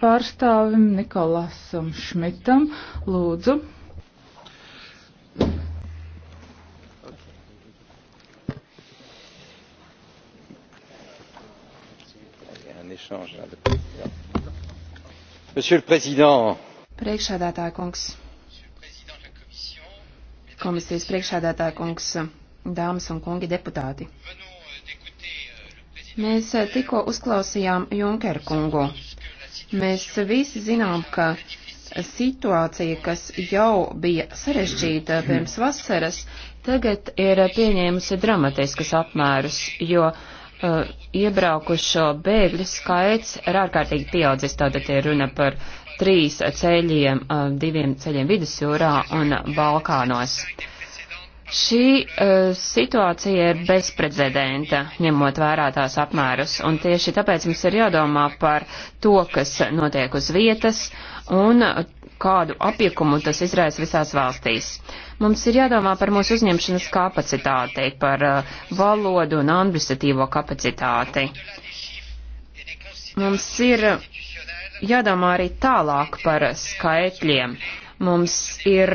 pārstāvim Nikolasam Šmitam. Lūdzu. Monsieur le Président, Priekšādātāja kungs, komisijas priekšādātāja kungs, dāmas un kungi deputāti. Mēs eh, tikko uzklausījām Junkeru kungu Mēs visi zinām, ka situācija, kas jau bija sarežģīta pirms vasaras, tagad ir pieņēmusi dramatiskas apmērus, jo uh, iebraukušo bēgļu skaits ir ārkārtīgi pieaudzis, tātad ir runa par trīs ceļiem, uh, diviem ceļiem vidusjūrā un Balkānos. Uh, Šī uh, situācija ir bezprecedenta, ņemot vērā tās apmērus, un tieši tāpēc mums ir jādomā par to, kas notiek uz vietas un kādu apjukumu tas izraisa visās valstīs. Mums ir jādomā par mūsu uzņemšanas kapacitāti, par uh, valodu un administratīvo kapacitāti. Mums ir jādomā arī tālāk par skaitļiem. Uh, Mums ir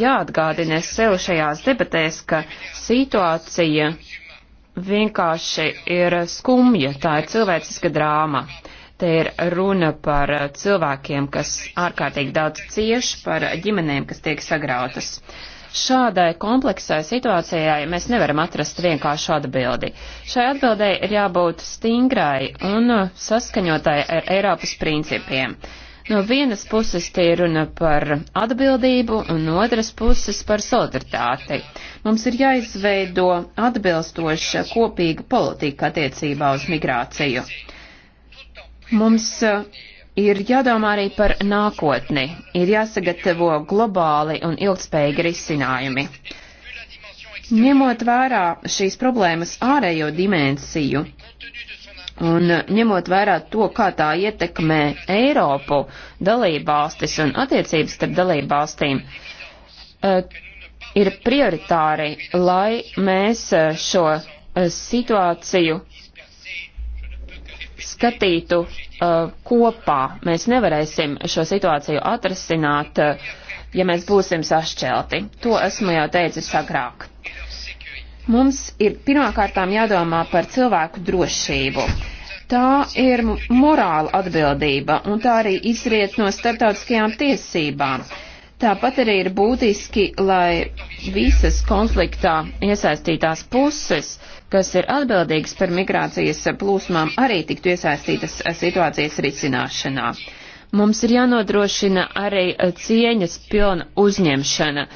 jāatgādina sev šajās debatēs, ka situācija vienkārši ir skumja, tā ir cilvēciska drāma. Te ir runa par cilvēkiem, kas ārkārtīgi daudz cieš, par ģimenēm, kas tiek sagrautas. Šādai kompleksai situācijai mēs nevaram atrast vienkāršu atbildi. Šai atbildei ir jābūt stingrai un saskaņotai ar Eiropas principiem. No vienas puses te ir runa par atbildību, un no otras puses par solidaritāti. Mums ir jāizveido atbilstoša kopīga politika attiecībā uz migrāciju. Mums eh, ir jādomā arī par nākotni, ir jāsagatavo globāli un ilgspējīgi risinājumi. Ņemot vērā šīs problēmas ārējo dimensiju, Un eh, ņemot vērā to, kā tā ietekmē Eiropu, dalībvalstis un attiecības starp dalībvalstīm, eh, ir prioritāri, lai mēs eh, šo situāciju skatītu kopā. Mēs nevarēsim šo situāciju atrasināt, ja mēs būsim sašķelti. To esmu jau teicis agrāk. Mums ir pirmkārtām jādomā par cilvēku drošību. Tā ir morāla atbildība, un tā arī izriet no starptautiskajām tiesībām. Tāpat arī ir būtiski, lai visas konfliktā iesaistītās puses, kas ir atbildīgas par migrācijas plūsmām, arī tiktu iesaistītas situācijas risināšanā. Mums ir jānodrošina arī cieņas pilna uzņemšana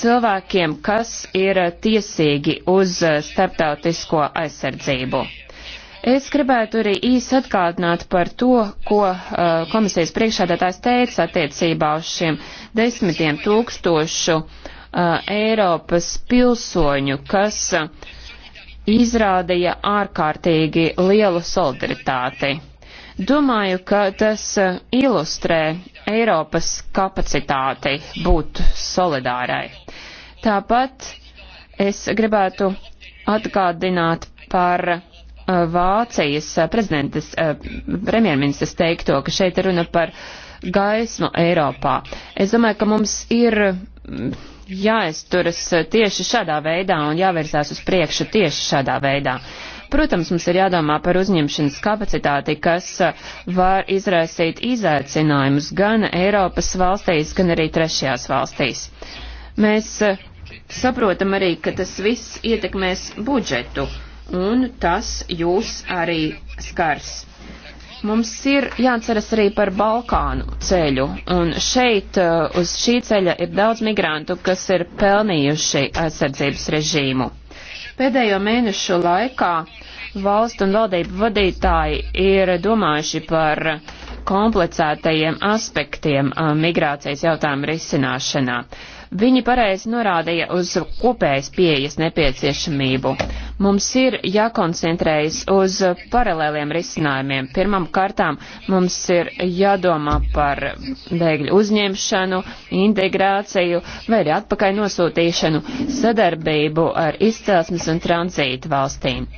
cilvēkiem, kas ir tiesīgi uz starptautisko aizsardzību. Es gribētu arī īsi atgādināt par to, ko uh, komisijas priekšādātājs teica attiecībā uz šiem desmitiem tūkstošu uh, Eiropas pilsoņu, kas uh, izrādīja ārkārtīgi lielu solidaritāti. Domāju, ka tas uh, ilustrē Eiropas kapacitāti būt solidārai. Tāpat es gribētu atgādināt par uh, Vācijas uh, prezidentas, uh, premjerministras teikto, ka šeit runa par gaismu Eiropā. Es domāju, ka mums ir mm, jāizturas tieši šādā veidā un jāvērsās uz priekšu tieši šādā veidā. Protams, mums ir jādomā par uzņemšanas kapacitāti, kas var izraisīt izaicinājumus gan Eiropas valstīs, gan arī trešajās valstīs. Mēs Saprotam arī, ka tas viss ietekmēs budžetu, un tas jūs arī skars. Mums ir jāceras arī par Balkānu ceļu, un šeit uh, uz šī ceļa ir daudz migrantu, kas ir pelnījuši aizsardzības režīmu. Pēdējo mēnešu laikā valstu un valdību vadītāji ir domājuši par komplicētajiem aspektiem uh, migrācijas jautājumu risināšanā. Viņi pareizi norādīja uz kopējas pieejas nepieciešamību. Mums ir jākoncentrējas uz paralēliem risinājumiem. Pirmam kārtām mums ir jādomā par bēgļu uzņemšanu, integrāciju vai arī atpakaļ nosūtīšanu, sadarbību ar izcelsmes un tranzītu valstīm.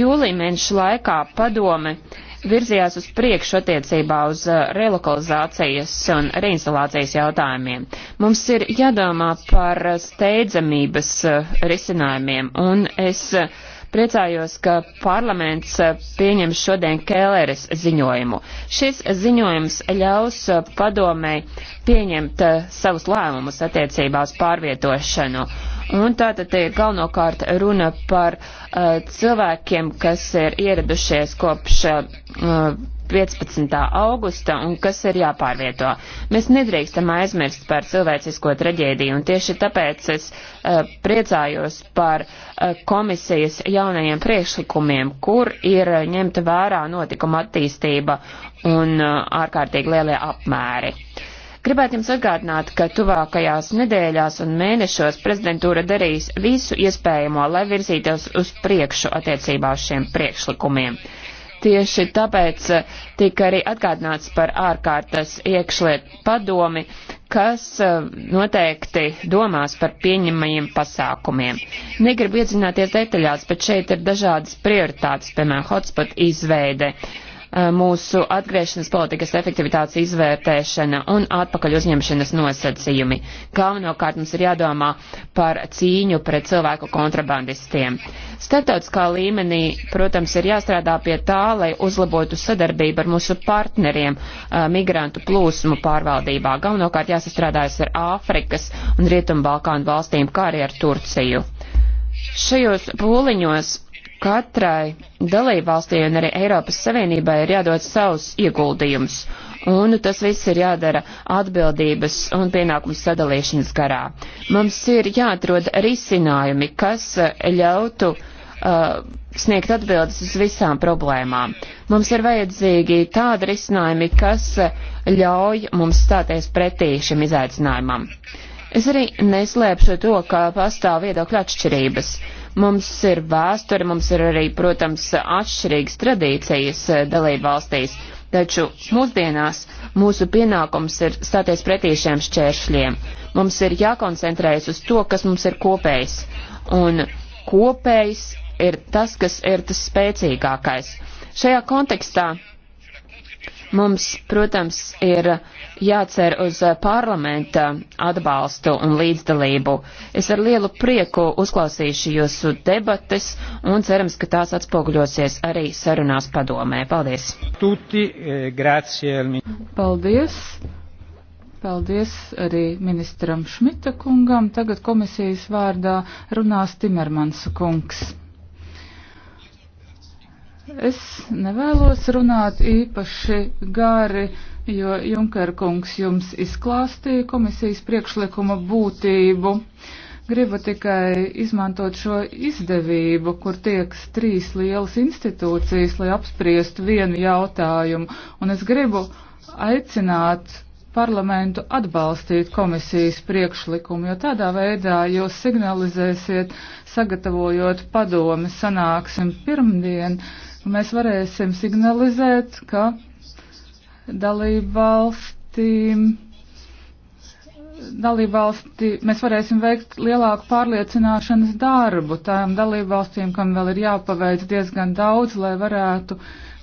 Jūlī mēnešu laikā padome uh, virzījās uz priekšu attiecībā uz uh, relokalizācijas un reinstalācijas jautājumiem. Mums ir jādomā par steidzamības uh, risinājumiem, un es uh, priecājos, ka parlaments pieņem šodien Kēleres ziņojumu. Šis ziņojums ļaus padomē pieņemt savus lēmumus attiecībā uz pārvietošanu Un tātad te ir galvenokārt runa par uh, cilvēkiem, kas ir ieradušies kopš uh, eh, 15. augusta un kas ir jāpārvieto. Mēs nedrīkstam aizmirst par cilvēcisko traģēdiju un tieši tāpēc es uh, priecājos par uh, komisijas jaunajiem priekšlikumiem, kur ir ņemta vērā notikuma attīstība un uh, ārkārtīgi lielie apmēri. Gribētu jums atgādināt, ka tuvākajās nedēļās un mēnešos prezidentūra darīs visu iespējamo, lai virzītos uz priekšu attiecībā uz šiem priekšlikumiem. Tieši tāpēc eh, tika arī atgādināts par ārkārtas iekšliet padomi, kas eh, noteikti domās par pieņemajiem pasākumiem. Negribu iedzināties detaļās, bet šeit ir dažādas prioritātes, piemēram, hotspot izveide. Uh, Uh, mūsu atgriešanas politikas efektivitātes izvērtēšana un atpakaļ uzņemšanas nosacījumi. Galvenokārt mums ir jādomā par cīņu pret cilvēku kontrabandistiem. Startautiskā līmenī, protams, ir jāstrādā pie tā, lai uzlabotu sadarbību ar mūsu partneriem uh, migrantu plūsmu pārvaldībā. Galvenokārt jāsastrādājas ar Āfrikas un Rietumbalkānu valstīm, kā arī ar Turciju. Šajos pūliņos katrai dalībvalstī un arī Eiropas Savienībai ir jādod savus ieguldījumus. Un tas viss ir jādara atbildības un pienākumu sadalīšanas garā. Mums ir jāatrod risinājumi, kas eh, ļautu uh, sniegt atbildes uz visām problēmām. Mums ir vajadzīgi tādi risinājumi, kas eh, ļauj mums stāties pretī šim izaicinājumam. Es arī neslēpšu to, ka pastāv viedokļu atšķirības. Uh, Mums ir vēsture, mums ir arī, protams, atšķirīgas tradīcijas eh, dalība valstīs, taču mūsdienās mūsu pienākums ir stāties pretī šiem šķēršļiem. Mums ir jākoncentrējas uz to, kas mums ir kopējs, un kopējs ir tas, kas ir tas spēcīgākais. Šajā kontekstā mums, protams, ir jācer uz eh, parlamenta atbalstu un līdzdalību. Es ar lielu prieku uzklausīšu jūsu debates un cerams, ka tās atspoguļosies arī sarunās padomē. Paldies! Tutti, eh, grazie. Paldies! Paldies arī ministram Šmita kungam. Tagad komisijas vārdā runās Timermans kungs. Es nevēlos runāt īpaši gari, jo Junkerkungs jums izklāstīja komisijas priekšlikuma būtību. Gribu tikai izmantot šo izdevību, kur tieks trīs lielas institūcijas, lai apspriestu vienu jautājumu, un es gribu aicināt parlamentu atbalstīt komisijas priekšlikumu, jo tādā veidā jūs signalizēsiet, sagatavojot padomi sanāksim pirmdien, uh, Mēs varēsim signalizēt, ka dalību valstīm dalībvalsti, mēs varēsim veikt lielāku pārliecināšanas darbu tām dalībvalstīm, kam vēl ir jāpaveic diezgan daudz, lai varētu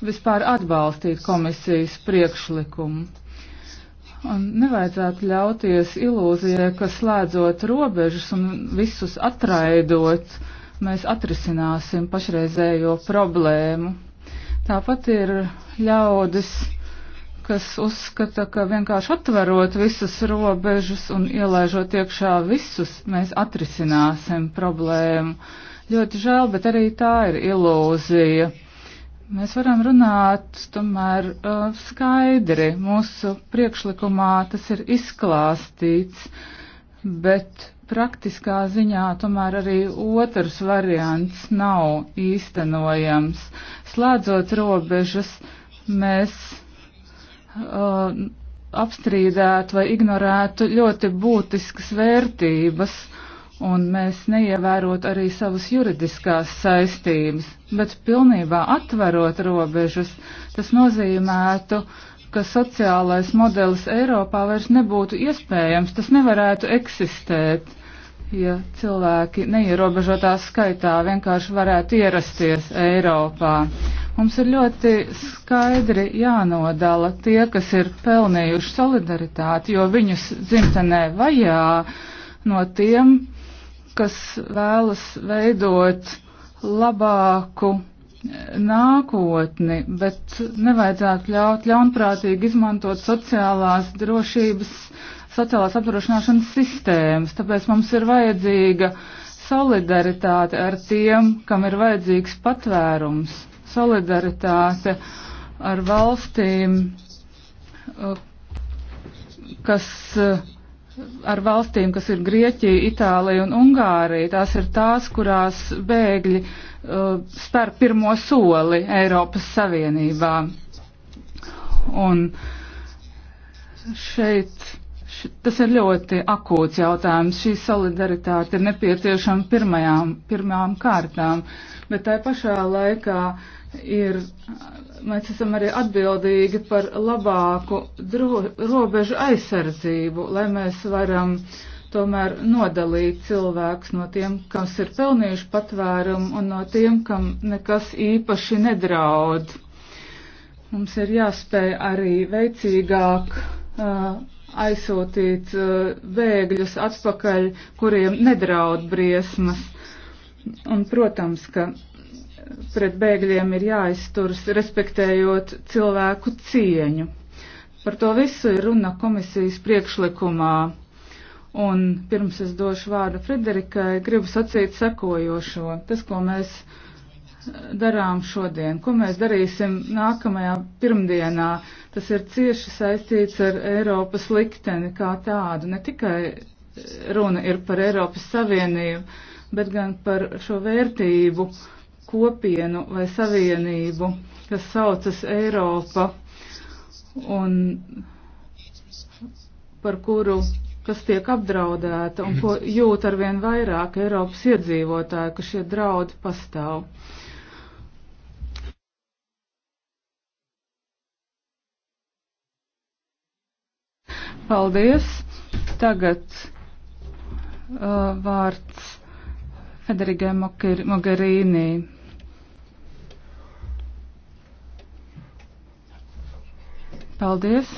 vispār atbalstīt komisijas priekšlikumu. Un nevajadzētu ļauties ilūzijai, ka slēdzot robežas un visus atraidot, uh, mēs atrisināsim pašreizējo problēmu. Tāpat ir ļaudis, kas uzskata, ka vienkārši atverot visas robežas un ielaižot iekšā visus, mēs atrisināsim problēmu. Ļoti žēl, bet arī tā ir ilūzija. Mēs varam runāt tomēr uh, skaidri. Mūsu priekšlikumā tas ir izklāstīts, bet praktiskā ziņā tomēr arī otrs variants nav īstenojams. Slēdzot robežas, mēs uh, apstrīdētu vai ignorētu ļoti būtiskas vērtības, un mēs neievērot arī savas juridiskās saistības, bet pilnībā atverot robežas, tas nozīmētu, ka sociālais modelis Eiropā vairs nebūtu iespējams, tas nevarētu eksistēt ja cilvēki neierobežotā skaitā vienkārši varētu ierasties Eiropā. Mums ir ļoti skaidri jānodala tie, kas ir pelnījuši solidaritāti, jo viņus dzimtenē vajā no tiem, kas vēlas veidot labāku eh, nākotni, bet nevajadzētu ļaut ļaunprātīgi izmantot sociālās drošības sociālās apdrošināšanas sistēmas, tāpēc mums ir vajadzīga solidaritāte ar tiem, kam ir vajadzīgs patvērums, solidaritāte ar valstīm, eh, kas eh, ar valstīm, kas ir Grieķija, Itālija un Ungārija. Tās ir tās, kurās bēgļi uh, spēr pirmo soli Eiropas Savienībā. Un šeit Tas ir ļoti akūts jautājums. Šī solidaritāte ir nepieciešama pirmajām, pirmām kārtām, bet tai pašā laikā ir, mēs esam arī atbildīgi par labāku dro, robežu aizsardzību, lai mēs varam tomēr nodalīt cilvēks no tiem, kas ir pelnījuši patvērumu un no tiem, kam nekas īpaši nedraud. Mums ir jāspēj arī veicīgāk. Uh, aizsūtīt eh, bēgļus atpakaļ, kuriem nedraud briesmas. Un, protams, ka pret bēgļiem ir jāizturas, respektējot cilvēku cieņu. Par to visu ir runa komisijas priekšlikumā. Un pirms es došu vārdu Frederikai, gribu sacīt sekojošo. Tas, ko mēs darām šodien, ko mēs darīsim nākamajā pirmdienā. Tas ir cieši saistīts ar Eiropas likteni kā tādu. Ne tikai runa ir par Eiropas Savienību, bet gan par šo vērtību kopienu vai savienību, kas saucas Eiropa un par kuru kas tiek apdraudēta un ko jūt arvien vairāk Eiropas iedzīvotāji, ka šie draudi pastāv. Paldies. Tagad uh, vārds Federigai Mogherīnī. Paldies.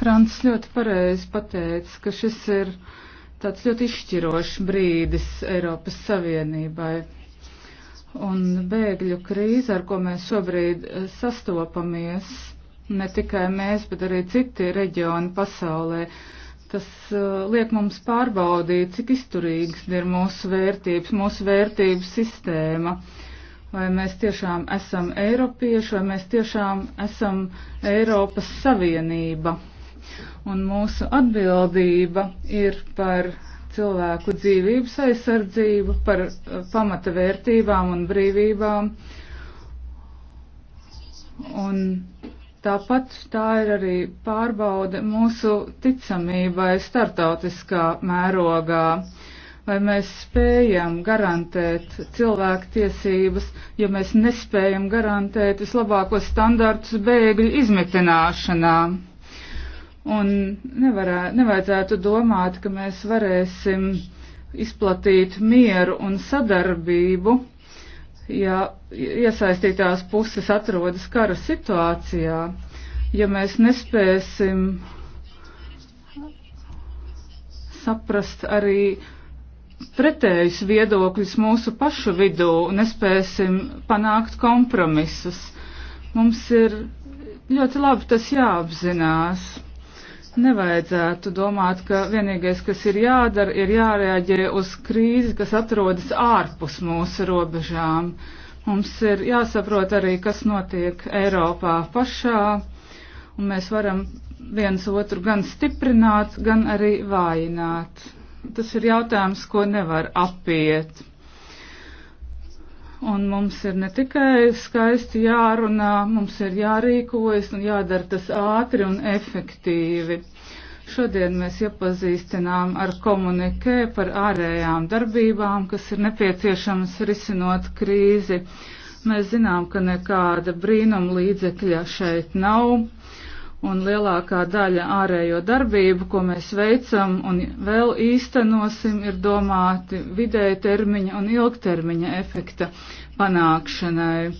Frants ļoti pareizi pateica, ka šis ir tāds ļoti izšķirošs brīdis Eiropas Savienībai. Un bēgļu krīze, ar ko mēs šobrīd eh, sastopamies, ne tikai mēs, bet arī citi reģioni pasaulē. Tas uh, liek mums pārbaudīt, cik izturīgs ir mūsu vērtības, mūsu vērtības sistēma. Vai mēs tiešām esam Eiropieši, vai mēs tiešām esam Eiropas Savienība. Un mūsu atbildība ir par cilvēku dzīvības aizsardzību, par uh, pamata vērtībām un brīvībām. Un Tāpat tā ir arī pārbaude mūsu ticamībai startautiskā mērogā, vai mēs spējam garantēt cilvēku tiesības, ja mēs nespējam garantēt vislabākos standartus bēgļu izmitināšanā. Un nevarē, nevajadzētu domāt, ka mēs varēsim izplatīt mieru un sadarbību ja iesaistītās puses atrodas kara situācijā, ja mēs nespēsim saprast arī pretējus viedokļus mūsu pašu vidū, nespēsim panākt kompromisus. Mums ir ļoti labi tas jāapzinās nevajadzētu domāt, ka vienīgais, kas ir jādara, ir jārēģē uz krīzi, kas atrodas ārpus mūsu robežām. Mums ir jāsaprot arī, kas notiek Eiropā pašā, un mēs varam viens otru gan stiprināt, gan arī vājināt. Tas ir jautājums, ko nevar apiet. Un mums ir ne tikai skaisti jārunā, mums ir jārīkojas un jādara tas ātri un efektīvi. Šodien mēs iepazīstinām ar komunikē par ārējām darbībām, kas ir nepieciešamas risinot krīzi. Mēs zinām, ka nekāda brīnuma līdzekļa šeit nav un lielākā daļa ārējo darbību, ko mēs veicam un vēl īstenosim, ir domāti vidēja termiņa un ilgtermiņa efekta panākšanai.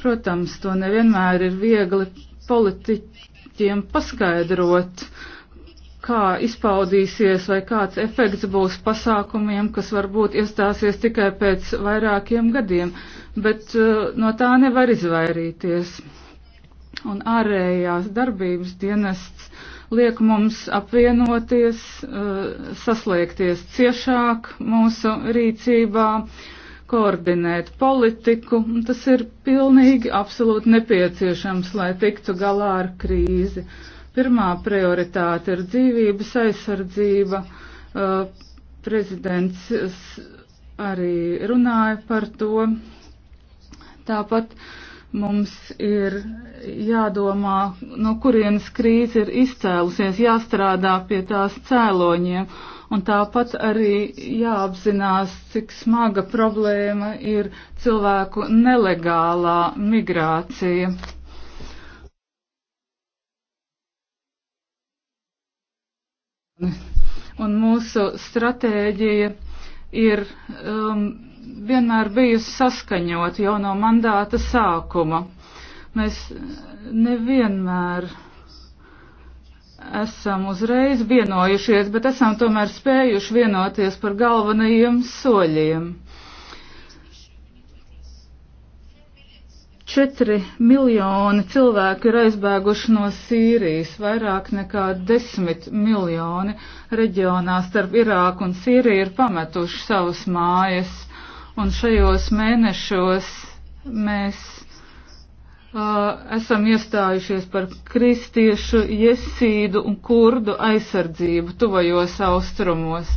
Protams, to nevienmēr ir viegli politiķiem paskaidrot, kā izpaudīsies vai kāds efekts būs pasākumiem, kas varbūt iestāsies tikai pēc vairākiem gadiem, bet uh, no tā nevar izvairīties un ārējās darbības dienests liek mums apvienoties, eh, sasliekties ciešāk mūsu rīcībā, koordinēt politiku. Tas ir pilnīgi absolūti nepieciešams, lai tiktu galā ar krīzi. Pirmā prioritāte ir dzīvības aizsardzība. Eh, prezidents arī runāja par to. Tāpat uh, Mums ir jādomā, no kurienes krīze ir izcēlusies, jāstrādā pie tās cēloņiem, un tāpat arī jāapzinās, cik smaga problēma ir cilvēku nelegālā migrācija. Un mūsu stratēģija ir um, vienmēr bijusi saskaņota jau no mandāta sākuma. Mēs nevienmēr esam uzreiz vienojušies, bet esam tomēr spējuši vienoties par galvenajiem soļiem. Četri miljoni cilvēki ir aizbēguši no Sīrijas, vairāk nekā desmit miljoni reģionā starp Irāku un Sīriju ir pametuši savus mājas. Un šajos mēnešos mēs uh, esam iestājušies par kristiešu, jesīdu un kurdu aizsardzību tuvajos austrumos.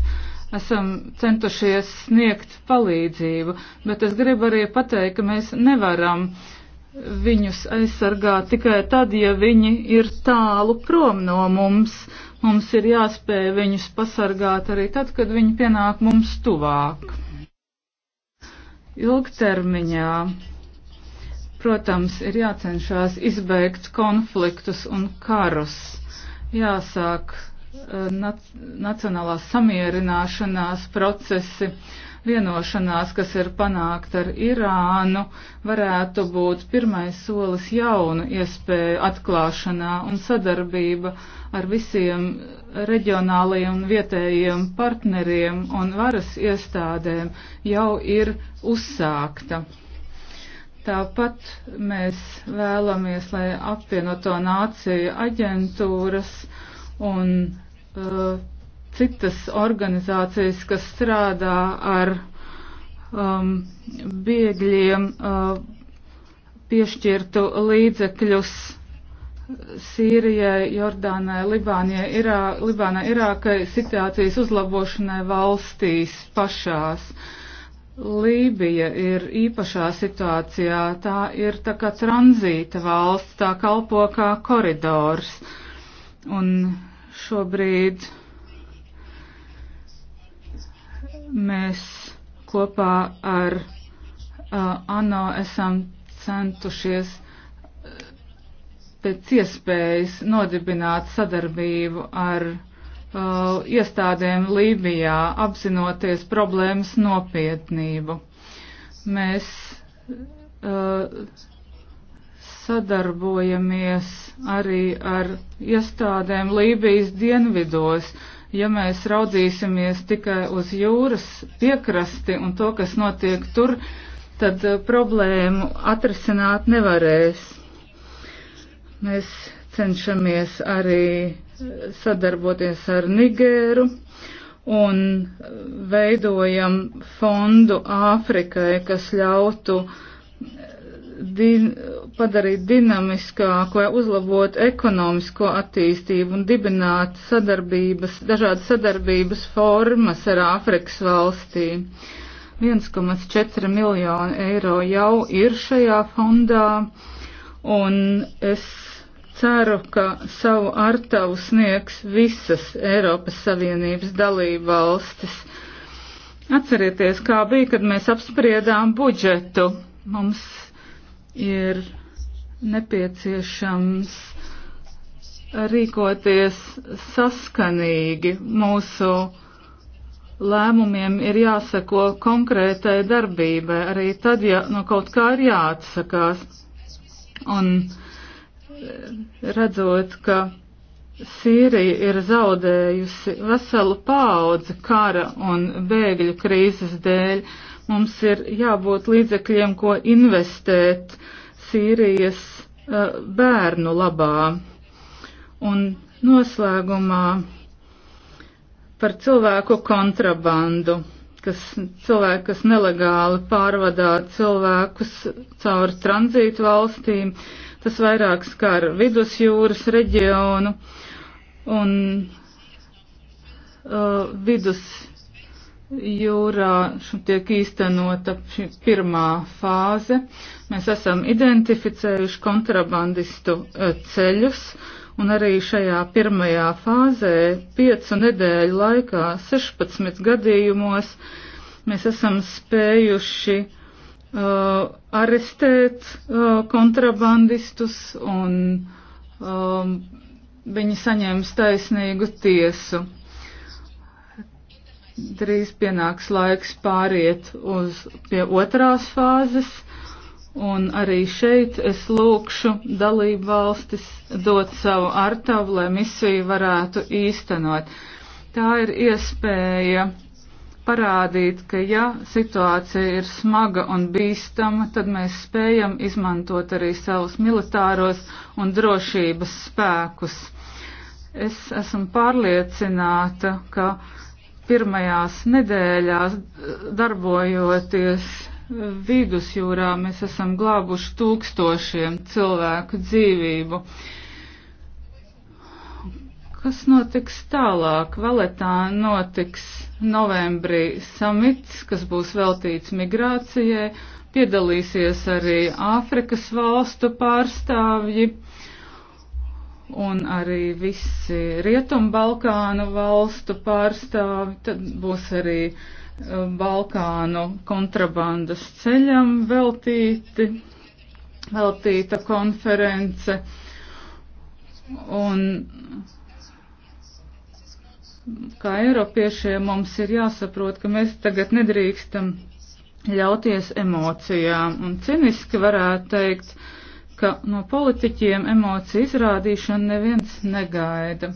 Esam centušies sniegt palīdzību, bet es gribu arī pateikt, ka mēs nevaram uh, viņus aizsargāt tikai tad, ja viņi ir tālu prom no mums. Mums ir jāspēj viņus pasargāt arī tad, kad viņi pienāk mums tuvāk. Ilgtermiņā, protams, ir jācenšas izbeigt konfliktus un karus. Jāsāk eh, nac nacionālās samierināšanās procesi vienošanās, kas ir panākta ar Irānu, varētu būt pirmais solis jaunu iespēju atklāšanā un sadarbība ar visiem reģionālajiem un vietējiem partneriem un varas iestādēm jau ir uzsākta. Tāpat mēs vēlamies, lai apvienoto nāciju aģentūras un uh, citas organizācijas, kas strādā ar um, bēgļiem, uh, piešķirtu līdzekļus Sīrijai, Jordānai, Libānai, Irā, Libānai, Irākai situācijas uzlabošanai valstīs pašās. Lībija ir īpašā situācijā, tā ir tā kā tranzīta valsts, tā kalpo kā koridors. Un šobrīd Mēs kopā ar uh, ANO esam centušies uh, pēc iespējas nodibināt sadarbību ar uh, iestādēm Lībijā, apzinoties problēmas nopietnību. Mēs uh, sadarbojamies arī ar iestādēm Lībijas dienvidos, uh, ja mēs raudzīsimies tikai uz jūras piekrasti un to, kas notiek tur, tad eh, problēmu atrisināt nevarēs. Mēs cenšamies arī eh, sadarboties ar Nigēru un veidojam fondu Āfrikai, kas ļautu din, padarīt dinamiskāku vai uzlabot ekonomisko attīstību un dibināt sadarbības, dažādas sadarbības formas ar Āfrikas valstī. 1,4 miljonu eiro jau ir šajā fondā, un es ceru, ka savu artavu sniegs visas Eiropas Savienības dalība valstis. Atcerieties, kā bija, kad mēs apspriedām budžetu. Mums ir nepieciešams rīkoties saskanīgi. Mūsu lēmumiem ir jāseko konkrētai darbībai, arī tad, ja no nu kaut kā ir jāatsakās. Un e, redzot, ka Sīrija ir zaudējusi veselu paudzi kara un bēgļu krīzes dēļ, uh, Mums ir jābūt līdzekļiem, ko investēt Sīrijas uh, bērnu labā. Un noslēgumā par cilvēku kontrabandu, kas cilvēki, kas nelegāli pārvadā cilvēkus caur tranzītu valstīm, tas vairāk skar vidusjūras reģionu un uh, vidus jūrā tiek īstenota šī pirmā fāze. Mēs esam identificējuši kontrabandistu e, ceļus, un arī šajā pirmajā fāzē piecu nedēļu laikā 16 gadījumos mēs esam spējuši uh, arestēt uh, kontrabandistus un um, viņi saņēma taisnīgu tiesu drīz pienāks laiks pāriet uz pie otrās fāzes, un arī šeit es lūkšu dalību valstis dot savu artavu, lai misiju varētu īstenot. Tā ir iespēja parādīt, ka ja situācija ir smaga un bīstama, tad mēs spējam izmantot arī savus militāros un drošības spēkus. Es esmu pārliecināta, ka pirmajās nedēļās darbojoties vidusjūrā, mēs esam glābuši tūkstošiem cilvēku dzīvību. Kas notiks tālāk? Valetā notiks novembrī samits, kas būs veltīts migrācijai. Piedalīsies arī Āfrikas valstu pārstāvji un arī visi Rietumbalkānu valstu pārstāvi, tad būs arī uh, Balkānu kontrabandas ceļam veltīti, veltīta konference. Un kā Eiropiešiem mums ir jāsaprot, ka mēs tagad nedrīkstam ļauties emocijām un ciniski varētu teikt, uh, ka no politiķiem emociju izrādīšanu neviens negaida.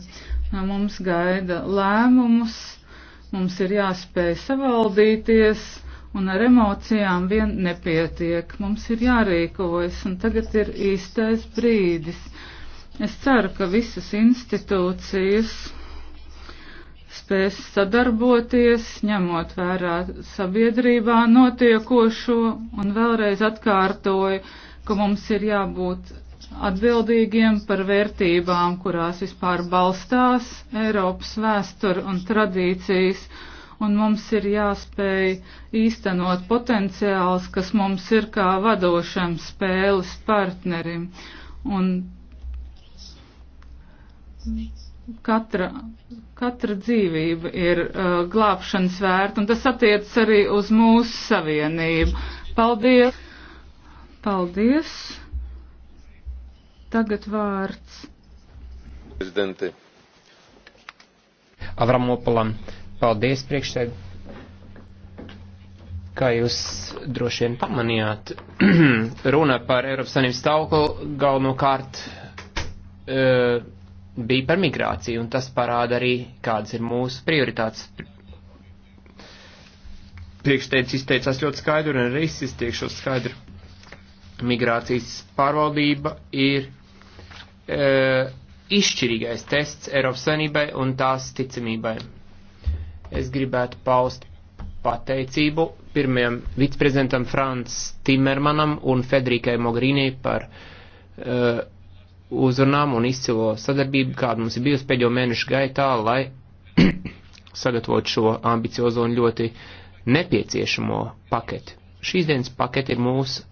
No mums gaida lēmumus, mums ir jāspēj savaldīties, un ar emocijām vien nepietiek. Mums ir jārīkojas, un tagad ir īstais brīdis. Es ceru, ka visas institūcijas spēs sadarboties, ņemot vērā sabiedrībā notiekošo, un vēlreiz atkārtoju, ka mums ir jābūt atbildīgiem par vērtībām, kurās vispār balstās Eiropas vēsture un tradīcijas, un mums ir jāspēj īstenot potenciāls, kas mums ir kā vadošam spēles partnerim. Un katra, katra dzīvība ir uh, glābšanas vērta, un tas attiec arī uz mūsu savienību. Paldies! Paldies. Tagad vārds. Prezidente. Avramopolam. Paldies priekšsēd. Kā jūs droši vien pamanījāt, runa par Eiropas Savienības stāvokli galvenokārt e, bija par migrāciju, un tas parāda arī, kādas ir mūsu prioritātes. Priekšsteicis izteicās ļoti skaidri, un arī es izteikšos skaidri Migrācijas pārvaldība ir e, izšķirīgais tests Eiropas Savienībai un tās ticamībai. Es gribētu paust pateicību pirmajam viceprezidentam Frans Timermanam un Federikai Mogrinī par uh, uzrunām un izcilo sadarbību, kāda mums ir bijusi pēdējo mēnešu gaitā, lai sagatavotu šo ambiciozo un ļoti nepieciešamo paketi. Šīs dienas paketi ir mūsu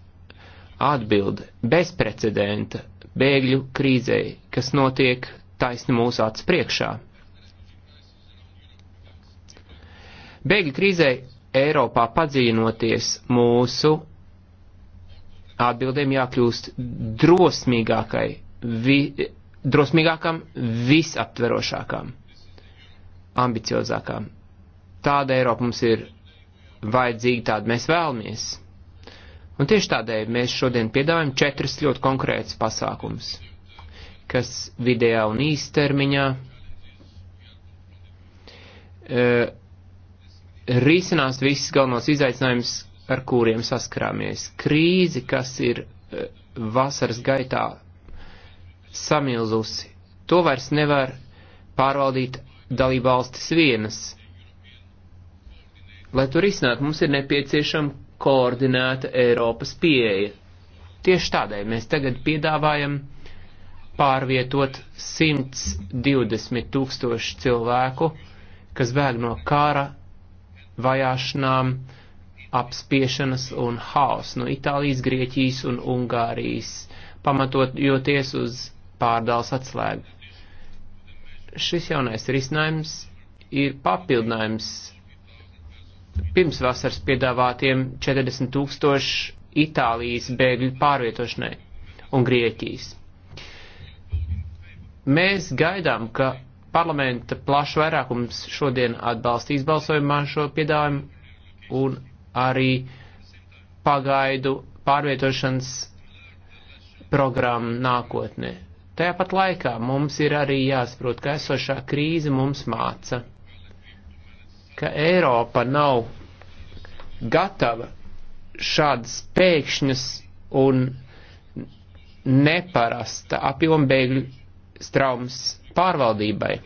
atbilde bezprecedenta bēgļu krīzei, kas notiek taisni mūsu acu priekšā. Bēgļu krīzei Eiropā padzīnoties mūsu atbildēm jākļūst drosmīgākai, vi, drosmīgākam, visaptverošākam, ambiciozākam. Tāda Eiropa mums ir vajadzīga, tādu mēs vēlamies. Un tieši tādēļ mēs šodien piedāvājam četras ļoti konkrētas pasākums, kas vidējā un īstermiņā e, risinās visas galvenos izaicinājumus, ar kuriem saskarāmies. Krīzi, kas ir e, vasaras gaitā samilzusi, to vairs nevar pārvaldīt dalībvalstis vienas. Lai to risinātu, mums ir nepieciešama koordinēta Eiropas pieeja. Tieši tādēļ mēs tagad piedāvājam pārvietot 120 tūkstoši cilvēku, kas bēg no kara, vajāšanām, apspiešanas un haos no Itālijas, Grieķijas un Ungārijas, pamatojoties uz pārdāls atslēgu. Šis jaunais risinājums ir papildinājums pirms vasaras piedāvātiem 40 tūkstoši Itālijas bēgļu pārvietošanai un Grieķijas. Mēs gaidām, ka parlamenta plašs vairākums šodien atbalstīs balsojumā šo piedāvājumu un arī pagaidu pārvietošanas programmu nākotnē. Tāpat laikā mums ir arī jāsaprot, ka esošā krīze mums māca ka Eiropa nav gatava šādas pēkšņas un neparasta apjoma bēgļu straumas pārvaldībai.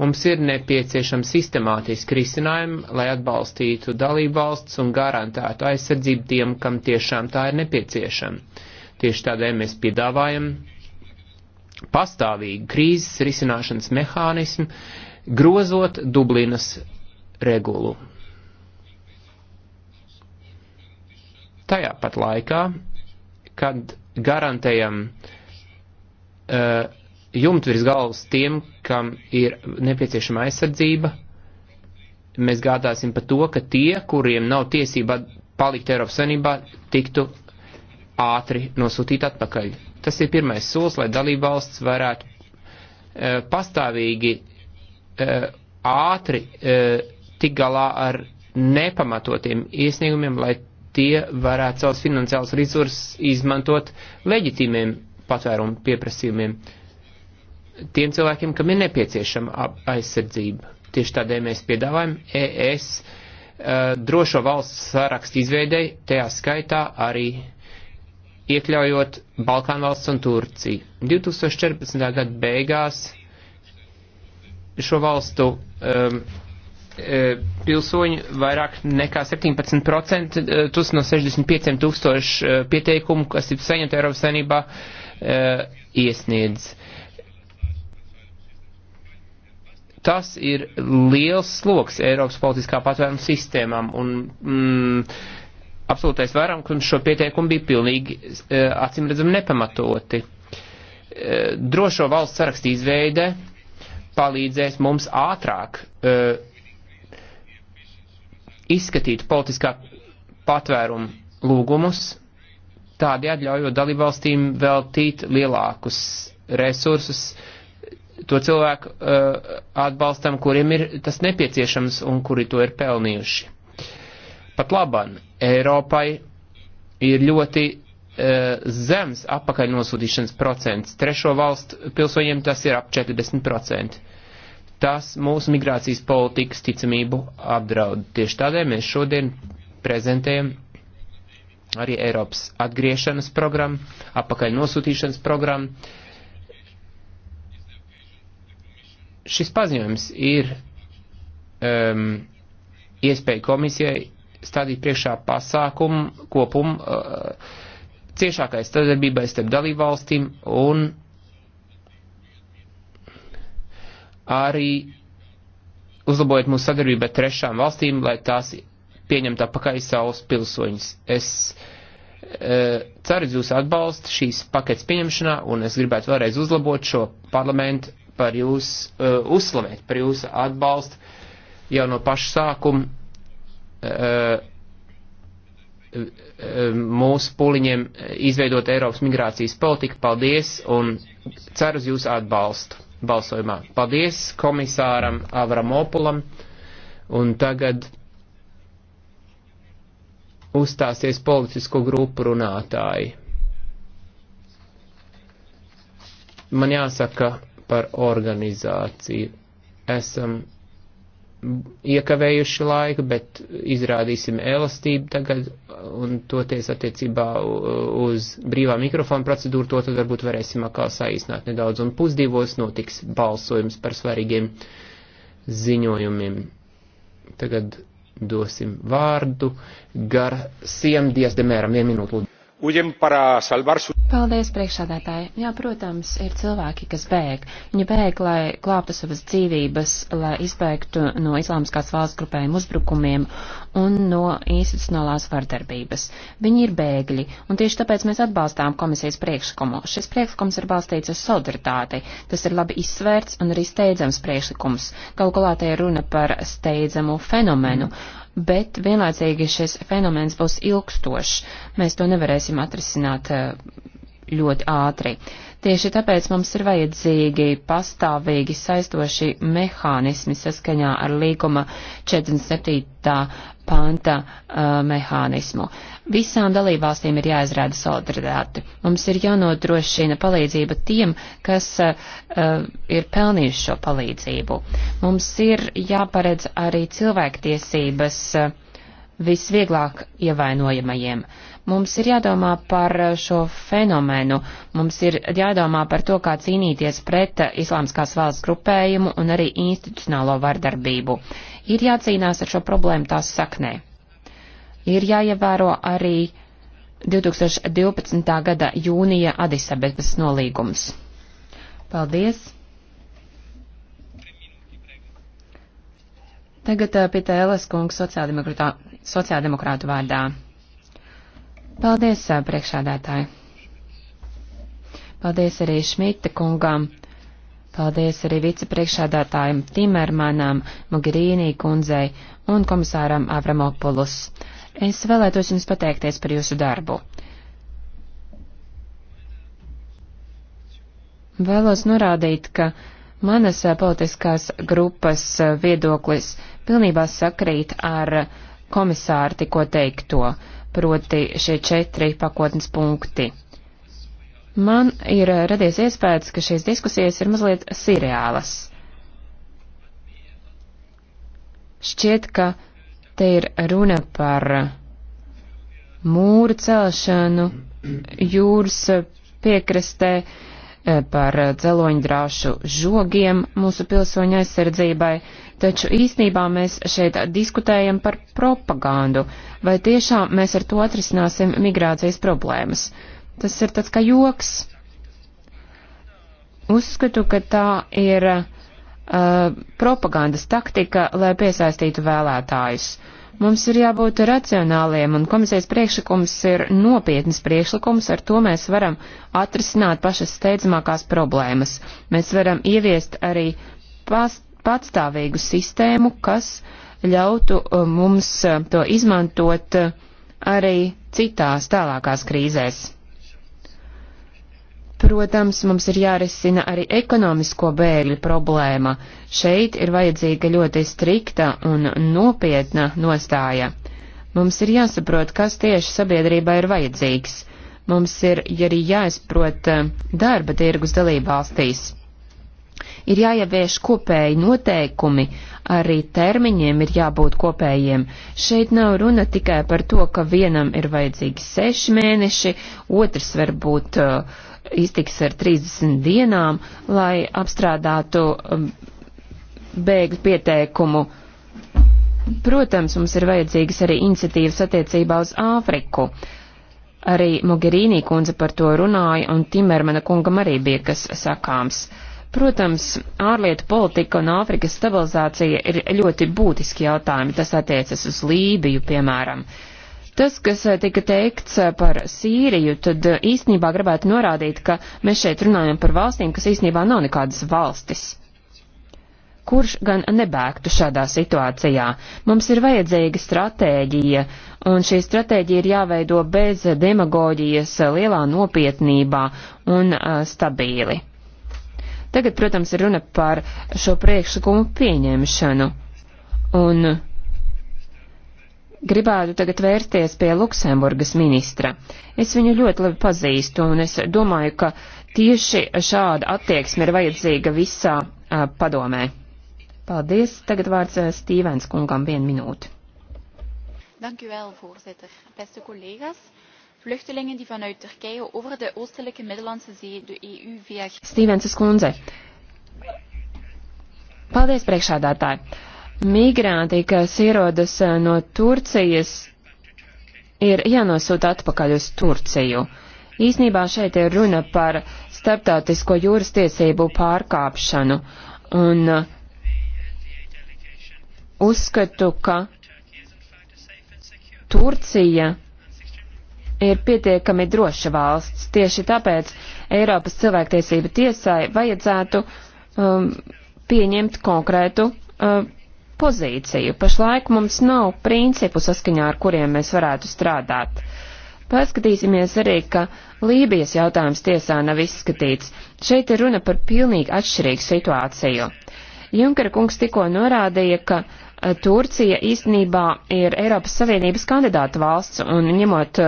Mums ir nepieciešama sistemātiski risinājumi, lai atbalstītu dalībvalsts un garantētu aizsardzību tiem, kam tiešām tā ir nepieciešama. Tieši tādēļ mēs piedāvājam pastāvīgu krīzes risināšanas mehānismu, grozot Dublinas regulu. Tajā pat laikā, kad garantējam uh, jumtu virs galvas tiem, kam ir nepieciešama aizsardzība, mēs gādāsim par to, ka tie, kuriem nav tiesība palikt Eiropas Savienībā, tiktu ātri nosūtīt atpakaļ. Tas ir pirmais solis, lai dalībvalsts varētu e, pastāvīgi e, ātri e, tik galā ar nepamatotiem iesniegumiem, lai tie varētu savus finansiālus resursus izmantot leģitīmiem patvērumu pieprasījumiem tiem cilvēkiem, kam ir nepieciešama aizsardzība. Tieši tādēļ mēs piedāvājam ES uh, drošo valsts sarakstu izveidei, tajā skaitā arī iekļaujot Balkānu valsts un Turciju. 2014. gada beigās šo valstu um, E, pilsoņu vairāk nekā 17% e, tus no 65 tūkstošu e, pieteikumu, kas ir saņemta Eiropas saimnībā, iesniedz. Tas ir liels sloks Eiropas politiskā patvēruma sistēmām, un mm, absolūtais vairākums šo pieteikumu bija pilnīgi acimredzami nepamatoti. Drošo valsts sarakstu izveide palīdzēs mums ātrāk uh, izskatītu politiskā patvēruma lūgumus, tādējādi ļaujot dalībvalstīm veltīt lielākus resursus to cilvēku uh, atbalstam, kuriem ir tas nepieciešams un kuri to ir pelnījuši. Pat laban, Eiropai ir ļoti uh, zems apakaļ nosūtīšanas procents. Trešo valstu pilsoņiem tas ir ap 40%. Tas mūsu migrācijas politikas ticamību apdraud. Tieši tādēļ mēs šodien prezentējam arī Eiropas atgriešanas programmu, apakaļ nosūtīšanas programmu. Šis paziņojums ir um, iespēja komisijai stādīt priekšā pasākumu kopumu uh, ciešākai sadarbībai starp dalībvalstīm un arī uzlabojot mūsu sadarbību ar trešām valstīm, lai tās pieņemtu apakaļ savus pilsoņus. Es e, ceru uz jūsu atbalstu šīs paketes pieņemšanā, un es gribētu vēlreiz uzlabot šo parlamentu par jūs, e, uzslavēt par jūsu atbalstu jau no paša sākuma e, e, e mūsu puliņiem e, izveidot Eiropas migrācijas politiku. Paldies, un ceru uz jūsu atbalstu balsojumā. Paldies komisāram Avramopulam. Un tagad uzstāsies politisko grupu runātāji. Man jāsaka par organizāciju. Esam iekavējuši laiku, bet izrādīsim elastību tagad un toties attiecībā uz brīvā mikrofona procedūru, to tad varbūt varēsim atkal saīsnāt nedaudz. Un pusdivos notiks balsojums par svarīgiem ziņojumiem. Tagad dosim vārdu gar siem dias demēram. Vienu minūtu lūdzu huyen para salvar su. Paldies, priekšsādātāji. Jā, protams, ir cilvēki, kas bēg. Viņi bēg, lai glābtu savas dzīvības, lai izbēgtu no islāmskās valsts grupējuma uzbrukumiem un no institucionālās vardarbības. Viņi ir bēgļi, un tieši tāpēc mēs atbalstām komisijas priekšlikumu. Šis priekšlikums ir balstīts uz solidaritāti. Tas ir labi izsvērts un arī steidzams priekšlikums. Galu galā te ir runa par steidzamu fenomenu. Mm bet vienlaicīgi šis fenomens būs ilgstošs. Mēs to nevarēsim atrisināt eh, ļoti ātri. Tieši tāpēc mums ir vajadzīgi pastāvīgi saistoši mehānismi saskaņā ar līguma 47 panta uh, mehānismu. Visām dalībvalstīm ir jāizrāda solidaritāte. Mums ir jānodrošina palīdzība tiem, kas uh, uh, ir pelnījuši šo palīdzību. Mums ir jāparedz arī cilvēktiesības uh, visvieglāk ievainojamajiem. Mums ir jādomā par uh, šo fenomenu, mums ir jādomā par to, kā cīnīties pret uh, islāmskās valsts grupējumu un arī institucionālo vardarbību. Uh, Ir jācīnās ar šo problēmu tās saknē. Ir jāievēro arī 2012. gada jūnija Adisabetes nolīgums. Paldies! Tagad pie Tēles kungs sociāldemokrātu vārdā. Paldies, priekšādātāji! Paldies arī Šmita kungam Paldies arī vicepriekšādātājiem Timermanam, Mogherīnī kundzei un komisāram Avramopulus. Es vēlētos jums pateikties par jūsu darbu. Vēlos norādīt, ka manas eh, politiskās grupas eh, viedoklis pilnībā sakrīt ar komisāru tikko teikto, proti šie četri pakotnes punkti. Man ir eh, radies iespējas, ka šīs diskusijas ir mazliet sirreālas. Šķiet, ka te ir runa par mūru celšanu jūras piekrastē, eh, par dzeloņdrāšu žogiem mūsu pilsoņu aizsardzībai, taču īsnībā mēs šeit diskutējam par propagandu, vai tiešām mēs ar to atrisināsim migrācijas problēmas. Tas ir tāds kā joks. Uzskatu, ka tā ir uh, propagandas taktika, lai piesaistītu vēlētājus. Mums ir jābūt racionāliem, un komisijas priekšlikums ir nopietnas priekšlikums, ar to mēs varam atrisināt pašas steidzamākās problēmas. Mēs varam ieviest arī patstāvīgu sistēmu, kas ļautu uh, mums uh, to izmantot uh, arī citās tālākās krīzēs. Protams, mums ir jārisina arī ekonomisko bēgļu problēma. Šeit ir vajadzīga ļoti strikta un nopietna nostāja. Mums ir jāsaprot, kas tieši sabiedrībā ir vajadzīgs. Mums ir arī jāizprot eh, darba tirgus dalībvalstīs. Ir jāievieš kopēji noteikumi, arī termiņiem ir jābūt kopējiem. Šeit nav runa tikai par to, ka vienam ir vajadzīgi seši mēneši, otrs varbūt uh, eh, iztiks ar 30 dienām, lai apstrādātu um, bēgļu pieteikumu. Protams, mums ir vajadzīgas arī iniciatīvas attiecībā uz Āfriku. Arī Mogherīnī kundze par to runāja, un Timermana kungam arī bija kas sakāms. Protams, ārlietu politika un Āfrikas stabilizācija ir ļoti būtiski jautājumi. Tas attiecas uz Lībiju, piemēram. Uh, Tas, kas eh, tika teikts eh, par Sīriju, tad eh, īstenībā gribētu norādīt, ka mēs šeit runājam par valstīm, kas īstenībā nav nekādas valstis. Kurš gan nebēgtu šādā situācijā? Mums ir vajadzīga stratēģija, un šī stratēģija ir jāveido bez demagoģijas, lielā nopietnībā un uh, stabīli. Tagad, protams, ir runa par šo priekšlikumu pieņemšanu. Un uh, gribētu tagad vērsties pie Luksemburgas ministra. Es viņu ļoti labi pazīstu, un es domāju, ka tieši šāda attieksme ir vajadzīga visā uh, padomē. Paldies. Tagad vārds uh, Stīvens kungam vienu minūti. Dank u wel, voorzitter. Beste collega's, vluchtelingen die vanuit Turkije over de oostelijke Middellandse Zee de EU via... Stīvens kundze. Paldies, priekšādātāji migranti, kas ierodas eh, no Turcijas, ir jānosūta atpakaļ uz Turciju. Īsnībā šeit ir runa par starptautisko jūras tiesību pārkāpšanu, un eh, uzskatu, ka Turcija ir pietiekami droša valsts. Tieši tāpēc Eiropas cilvēktiesība tiesai vajadzētu um, pieņemt konkrētu um, pozīciju. Pašlaik mums nav principu saskaņā, ar kuriem mēs varētu strādāt. Paskatīsimies arī, ka Lībijas jautājums tiesā nav izskatīts. Šeit ir runa par pilnīgi atšķirīgu situāciju. Junkara kungs tikko norādīja, ka Turcija īstenībā ir Eiropas Savienības kandidāta valsts, un ņemot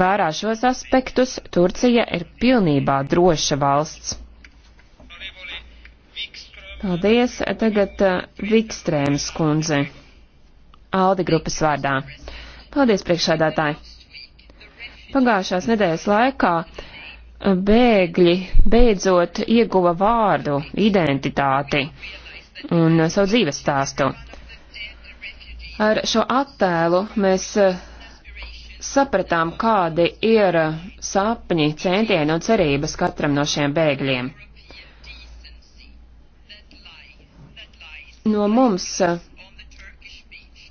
vērā šos aspektus, Turcija ir pilnībā droša valsts. Paldies. Tagad uh, Vikstrēms kundze. Aldi grupas vārdā. Paldies, priekšādātāji. Pagājušās nedēļas laikā uh, bēgļi beidzot ieguva vārdu, identitāti un uh, savu dzīves stāstu. Ar šo attēlu mēs sapratām, kādi ir sapņi, centieni un cerības katram no šiem bēgļiem. no mums, eh,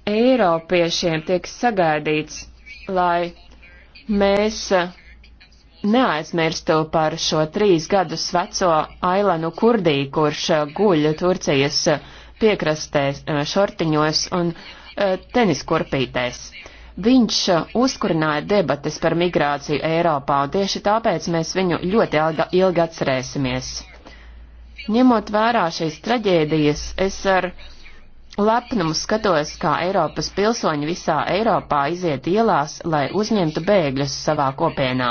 Eiropiešiem, tiek sagaidīts, lai mēs eh, neaizmirstu par šo trīs gadus veco Ailanu Kurdī, kurš eh, guļ Turcijas piekrastē šortiņos un teniskurpītēs. Viņš uzkurināja debates par migrāciju Eiropā, un tieši tāpēc mēs viņu ļoti ilgi atcerēsimies. Ņemot vērā šīs traģēdijas, es ar lepnumu skatos, kā Eiropas pilsoņi visā Eiropā iziet ielās, lai uzņemtu bēgļus savā kopienā.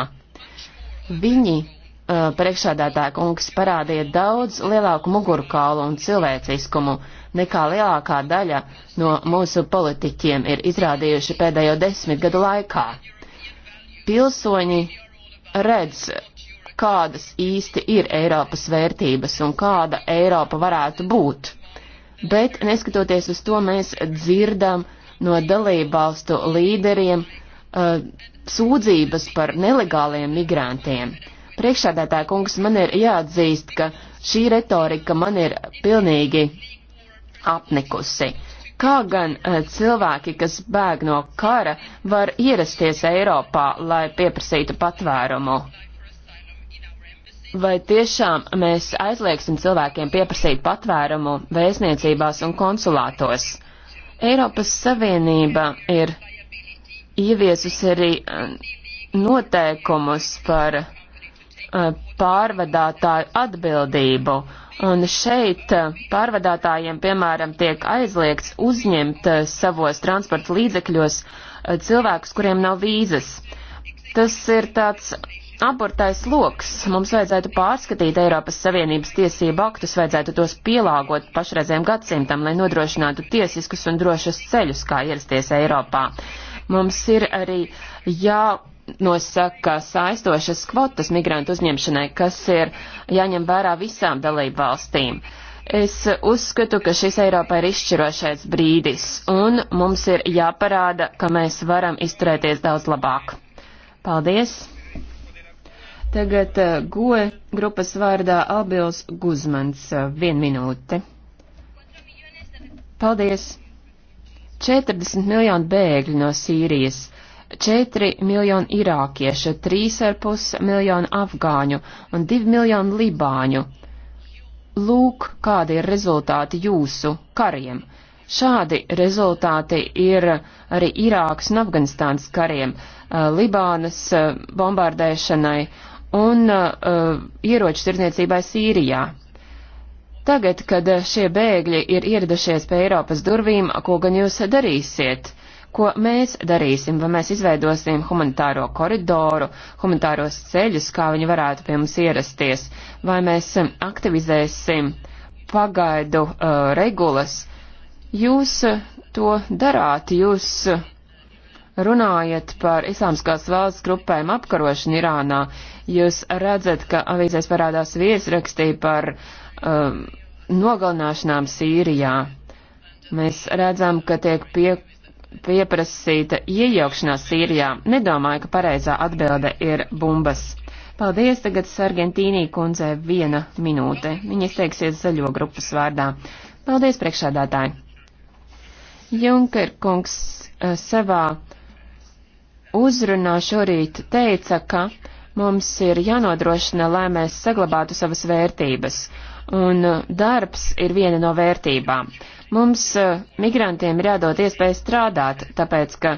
Viņi, uh, priekšādātāja kungs, parādīja daudz lielāku mugurkaulu un cilvēciskumu, nekā lielākā daļa no mūsu politiķiem ir izrādījuši pēdējo desmit gadu laikā. Pilsoņi redz kādas īsti ir Eiropas vērtības un kāda Eiropa varētu būt. Bet, neskatoties uz to, mēs dzirdam no dalībvalstu līderiem uh, sūdzības par nelegāliem migrantiem. Priekšādātāja kungs, man ir jāatzīst, ka šī retorika man ir pilnīgi apnikusi. Kā gan uh, cilvēki, kas bēg no kara, var ierasties Eiropā, lai pieprasītu patvērumu? Vai tiešām mēs aizliegsim cilvēkiem pieprasīt patvērumu vēstniecībās un konsulātos? Eiropas Savienība ir ieviesusi arī eh, noteikumus par eh, pārvadātāju atbildību. Un šeit eh, pārvadātājiem, piemēram, tiek aizliegts uzņemt savos transporta līdzekļos cilvēkus, kuriem nav vīzas. Tas ir tāds abortais loks. Mums vajadzētu pārskatīt Eiropas Savienības tiesību aktus, vajadzētu tos pielāgot pašreizējiem gadsimtam, lai nodrošinātu tiesiskus un drošus ceļus, kā ierasties Eiropā. Mums ir arī jānosaka saistošas kvotas migrantu uzņemšanai, kas ir jāņem vērā visām dalību valstīm. Es uzskatu, ka šis Eiropā ir izšķirošais brīdis, un mums ir jāparāda, ka mēs varam izturēties daudz labāk. Paldies! Tagad eh, goe grupas vārdā Albils Guzmans. Eh, vien minūte. Paldies. 40 miljonu bēgļu no Sīrijas. 4 miljoni irākiešu, 3,5 miljoni afgāņu un 2 miljoni libāņu. Lūk, kādi ir rezultāti jūsu kariem. Šādi rezultāti ir arī Irākas un Afganistānas kariem, eh, Libānas bombardēšanai un uh, uh, ieroču tirdzniecībai Sīrijā. Tagad, kad uh, šie bēgļi ir ieradušies pie Eiropas durvīm, ko gan jūs darīsiet? Ko mēs darīsim, vai mēs izveidosim humanitāro koridoru, humanitāros ceļus, kā viņi varētu pie mums ierasties, vai mēs um, aktivizēsim pagaidu uh, regulas? Jūs uh, to darāt, jūs uh, runājat par islāmskās valsts grupēm apkarošanu Irānā, jūs redzat, ka avīzēs parādās viesrakstī par um, nogalināšanām Sīrijā. Mēs redzam, ka tiek pie, pieprasīta iejaukšanās Sīrijā. Nedomāju, ka pareizā atbilde ir bumbas. Paldies tagad Sargentīnī kundzei viena minūte. Viņa izteiksies zaļo grupas vārdā. Paldies priekšādātāji. Junker kungs eh, savā uzrunā šorīt teica, ka mums ir jānodrošina, lai mēs saglabātu savas vērtības, un uh, darbs ir viena no vērtībām. Mums uh, migrantiem ir jādod iespēja strādāt, tāpēc ka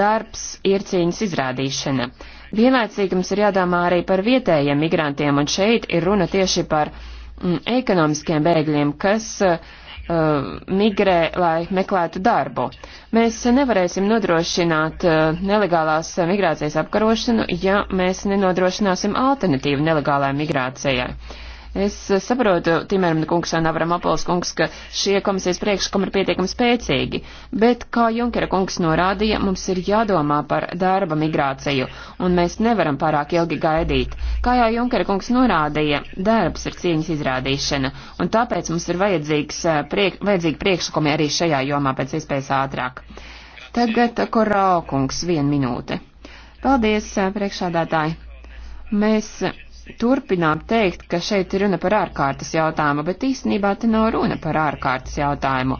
darbs ir cīņas izrādīšana. Vienlaicīgi mums ir jādomā arī par vietējiem migrantiem, un šeit ir runa tieši par mm, ekonomiskiem bēgļiem, kas uh, Uh, migrē, lai meklētu darbu. Mēs nevarēsim nodrošināt uh, nelegālās migrācijas apkarošanu, ja mēs nenodrošināsim alternatīvu nelegālajai migrācijai. Es saprotu, Timermna kungs un Avramopols kungs, ka šie komisijas priekšlikumi ir pietiekami spēcīgi, bet, kā Junkera kungs norādīja, mums ir jādomā par darba migrāciju, un mēs nevaram pārāk ilgi gaidīt. Kā jau Junkera kungs norādīja, darbs ir cieņas izrādīšana, un tāpēc mums ir vajadzīgs eh, priek, vajadzīgi priekšlikumi arī šajā jomā pēc iespējas ātrāk. Tagad eh, Korau kungs, viena minūte. Paldies, eh, priekšādātāji. Mēs turpinām teikt, ka šeit ir runa par ārkārtas jautājumu, bet īstenībā te nav runa par ārkārtas jautājumu.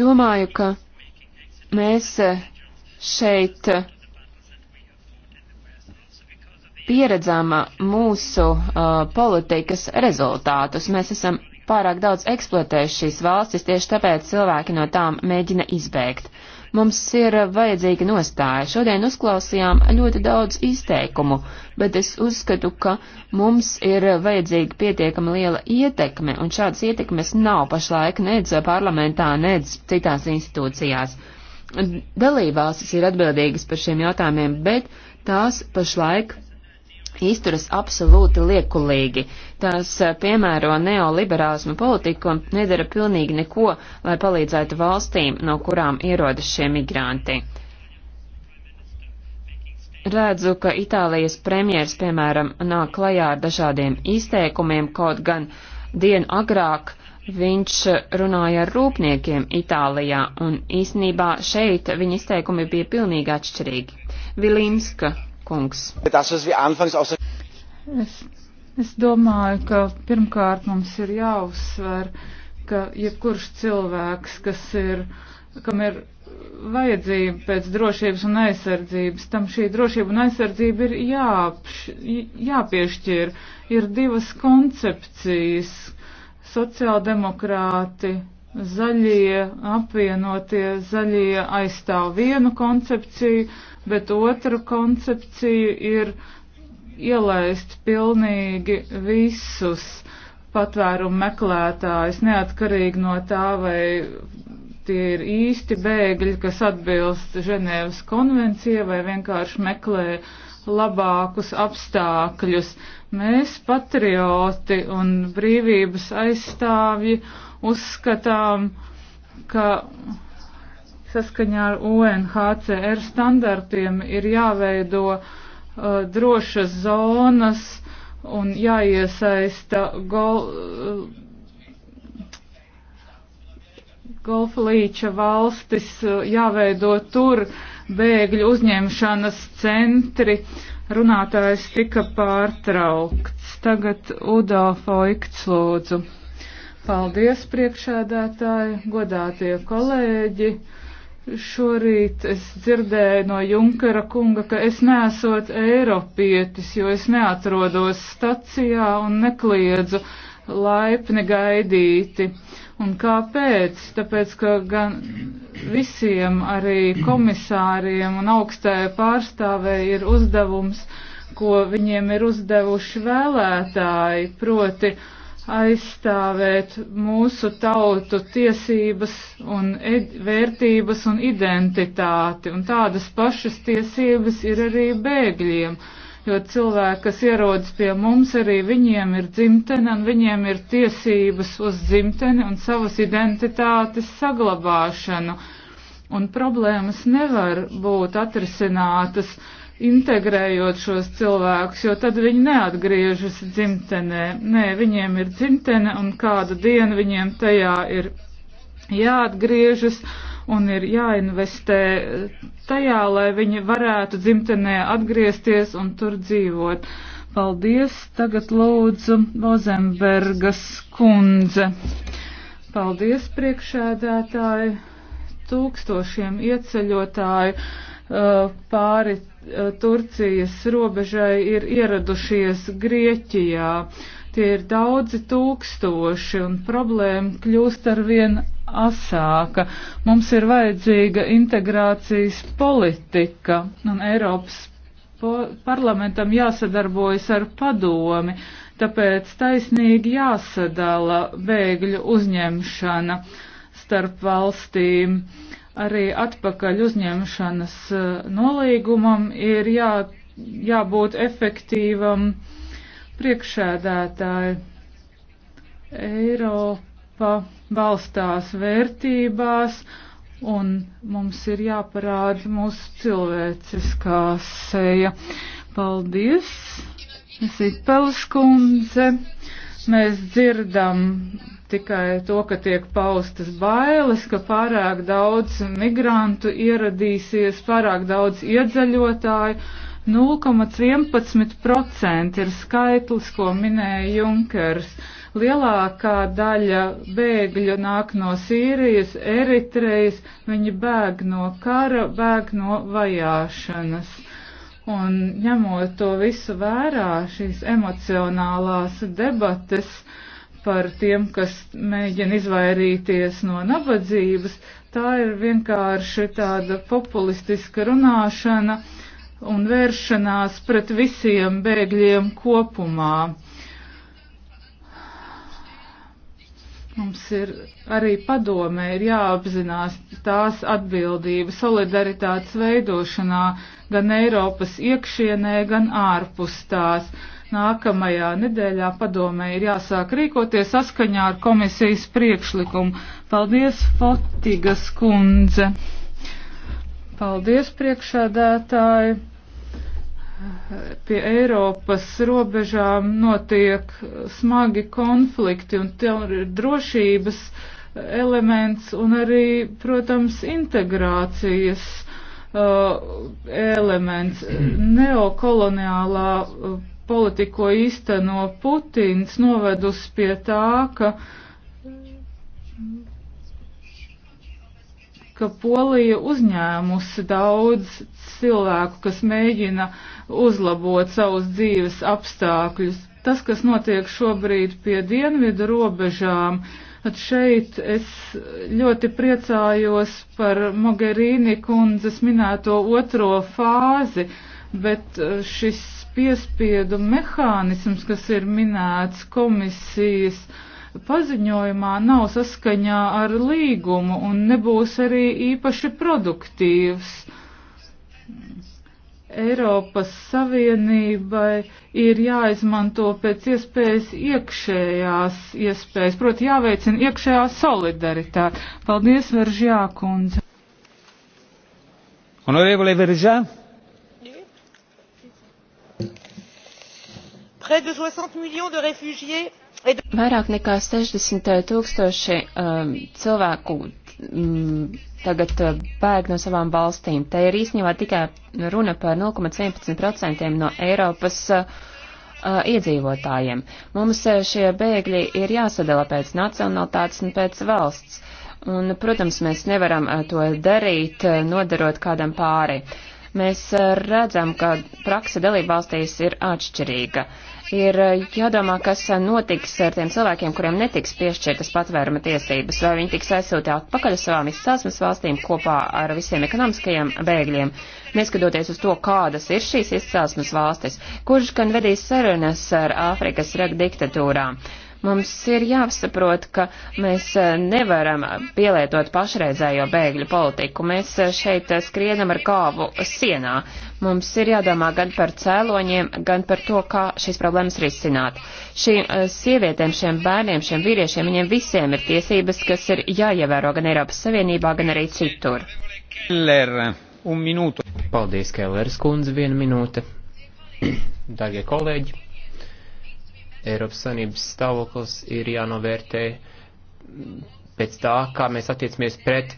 Domāju, ka mēs eh, šeit eh, pieredzām eh, mūsu uh, politikas rezultātus. Mēs esam pārāk daudz eksploatējuši šīs valstis, tieši tāpēc cilvēki no tām mēģina izbēgt. Mums ir eh, vajadzīga nostāja. Šodien uzklausījām ļoti daudz izteikumu, bet es uzskatu, ka mums ir eh, vajadzīga pietiekama liela ietekme, un šādas ietekmes nav pašlaik nedz parlamentā, nedz citās institūcijās. Dalībvalstis ir atbildīgas par šiem jautājumiem, bet tās pašlaik izturas absolūti liekulīgi. Tās eh, piemēro neoliberālismu politiku un nedara pilnīgi neko, lai palīdzētu valstīm, no kurām ierodas šie migranti. Redzu, ka Itālijas premjers, piemēram, nāk klajā ar dažādiem izteikumiem, kaut gan dienu agrāk viņš runāja ar rūpniekiem Itālijā, un īsnībā šeit viņa izteikumi bija pilnīgi atšķirīgi. Vilimska kungs. Es, es domāju, ka pirmkārt mums ir jāuzsver, ka jebkurš cilvēks, kas ir, kam ir vajadzība pēc drošības un aizsardzības, tam šī drošība un aizsardzība ir jāapš, jāpiešķir. Ir divas koncepcijas. Sociāldemokrāti zaļie apvienotie, zaļie aizstāv vienu koncepciju, bet otru koncepciju ir ielaist pilnīgi visus patvērumu meklētājus, neatkarīgi no tā, vai tie ir īsti bēgļi, kas atbilst Ženēvas konvencijai vai vienkārši meklē labākus apstākļus. Mēs patrioti un brīvības aizstāvji Uzskatām, ka saskaņā ar UNHCR standartiem ir jāveido uh, drošas zonas un jāiesaista gol, uh, golfa līča valstis, uh, jāveido tur bēgļu uzņemšanas centri. Runātājs tika pārtraukts. Tagad Udo Foikts lūdzu. Paldies, priekšēdētāji, godātie kolēģi. Šorīt es dzirdēju no Junkara kunga, ka es nesot eiropietis, jo es neatrodos stacijā un nekliedzu laipni gaidīti. Un kāpēc? Tāpēc, ka gan visiem arī komisāriem un augstajai pārstāvēji ir uzdevums, ko viņiem ir uzdevuši vēlētāji, proti aizstāvēt mūsu tautu tiesības un vērtības un identitāti. Un tādas pašas tiesības ir arī bēgļiem, jo cilvēki, kas ierodas pie mums, arī viņiem ir dzimtene un viņiem ir tiesības uz dzimteni un savas identitātes saglabāšanu. Un problēmas nevar būt atrisinātas integrējot šos cilvēkus, jo tad viņi neatgriežas dzimtenē. Nē, viņiem ir dzimtene un kādu dienu viņiem tajā ir jāatgriežas un ir jāinvestē tajā, lai viņi varētu dzimtenē atgriezties un tur dzīvot. Paldies, tagad lūdzu Vozembergas kundze. Paldies, priekšēdētāji, tūkstošiem ieceļotāju Uh, pāri uh, Turcijas robežai ir ieradušies Grieķijā. Tie ir daudzi tūkstoši un problēma kļūst arvien asāka. Mums ir vajadzīga integrācijas politika un Eiropas parlamentam jāsadarbojas ar padomi, tāpēc taisnīgi jāsadala bēgļu uzņemšana starp valstīm. Uh, Arī atpakaļ uzņemšanas eh, nolīgumam ir jā, jābūt efektīvam priekšēdētāji. Eiropa balstās vērtībās un mums ir jāparāda mūsu cilvēciskā seja. Paldies! Zipelis kundze, mēs dzirdam tikai to, ka tiek paustas bailes, ka pārāk daudz migrantu ieradīsies, pārāk daudz iedzaļotāju. 0,11% ir skaitlis, ko minēja Junkers. Lielākā daļa bēgļu nāk no Sīrijas, Eritrejas, viņi bēg no kara, bēg no vajāšanas. Un ņemot to visu vērā, šīs emocionālās debates, uh, par tiem, kas mēģina izvairīties no nabadzības, tā ir vienkārši tāda populistiska runāšana un vēršanās pret visiem bēgļiem kopumā. Mums ir arī padomē, ir jāapzinās tās atbildība solidaritātes veidošanā gan Eiropas iekšienē, gan ārpus tās. Uh, Nākamajā nedēļā padomē ir jāsāk rīkoties saskaņā ar komisijas priekšlikumu. Paldies, Fotigas kundze! Paldies, priekšādātāji! pie Eiropas robežām notiek smagi konflikti un tur ir drošības elements un arī, protams, integrācijas uh, elements. Neokoloniālā uh, politika, ko īsteno Putins, novedus pie tā, ka, ka Polija uzņēmusi daudz cilvēku, kas mēģina uzlabot savus dzīves apstākļus. Tas, kas notiek šobrīd pie dienvidu robežām, At šeit es ļoti priecājos par Mogherīni kundzes minēto otro fāzi, bet eh, šis piespiedu mehānisms, kas ir minēts komisijas paziņojumā, nav saskaņā ar līgumu un nebūs arī īpaši produktīvs. Eiropas Savienībai ir jāizmanto pēc iespējas iekšējās iespējas, proti jāveicina iekšējā solidaritāte. Paldies, Veržjā kundze. Honorevole Veržjā. Vairāk nekā 60 eh, tūkstoši um, cilvēku um, tagad eh, bēg no savām valstīm. Te ir īstenībā tikai runa par 0,11% no Eiropas uh, iedzīvotājiem. Mums šie bēgļi ir jāsadala pēc nacionalitātes un pēc valsts. Un, protams, mēs nevaram to darīt, nodarot kādam pāri. Mēs redzam, ka praksa dalībvalstīs ir atšķirīga. Uh, ir eh, jādomā, kas eh, notiks ar tiem cilvēkiem, kuriem netiks piešķirtas patvēruma tiesības, vai viņi tiks aizsūtīti atpakaļ uz savām izcelsmes valstīm kopā ar visiem ekonomiskajiem bēgļiem, neskatoties uz to, kādas ir šīs izcelsmes valstis, kurš gan vedīs sarunas ar Āfrikas reg diktatūrām. Mums ir jāsaprot, ka mēs e, nevaram pielietot pašreizējo bēgļu politiku. Mēs e, šeit e, skrienam ar kāvu sienā. Mums ir jādomā gan par cēloņiem, gan par to, kā šīs problēmas risināt. Šīm sievietēm, šiem bērniem, šiem vīriešiem, viņiem visiem ir tiesības, kas ir jāievēro gan Eiropas Savienībā, gan arī citur. Keller, un minūtu. Paldies, Kēlērs kundze, viena minūte. Darbie kolēģi! Eiropas Savienības stāvoklis ir jānovērtē pēc tā, kā mēs attiecamies pret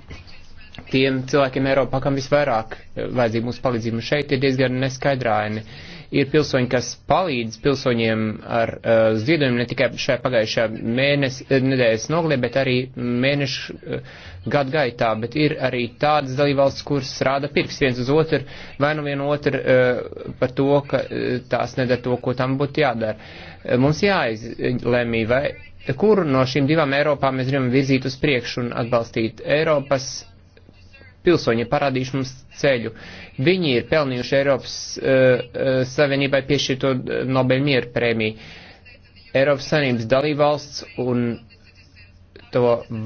tiem cilvēkiem Eiropā, kam visvairāk vajadzīga mūsu palīdzība. Šeit ir diezgan neskaidrāini. Uh, ir pilsoņi, kas palīdz pilsoņiem ar uh, eh, ziedojumiem ne tikai šajā pagājušajā mēnesi, eh, nedēļas noglē, bet arī mēnešu uh, gadu gaitā, bet ir arī tādas dalībvalsts, kuras rāda pirks viens uz otru, vai nu vienu otru uh, par to, ka uh, tās nedara to, ko tam būtu jādara. Uh, mums jāizlemj, vai kuru no šīm divām Eiropām mēs gribam virzīt uz priekšu un atbalstīt Eiropas pilsoņi ir parādījuši mums ceļu. Viņi ir pelnījuši Eiropas uh, uh, Savienībai piešķirto eh, Nobel mieru prēmiju. Eiropas Savienības dalībvalsts un to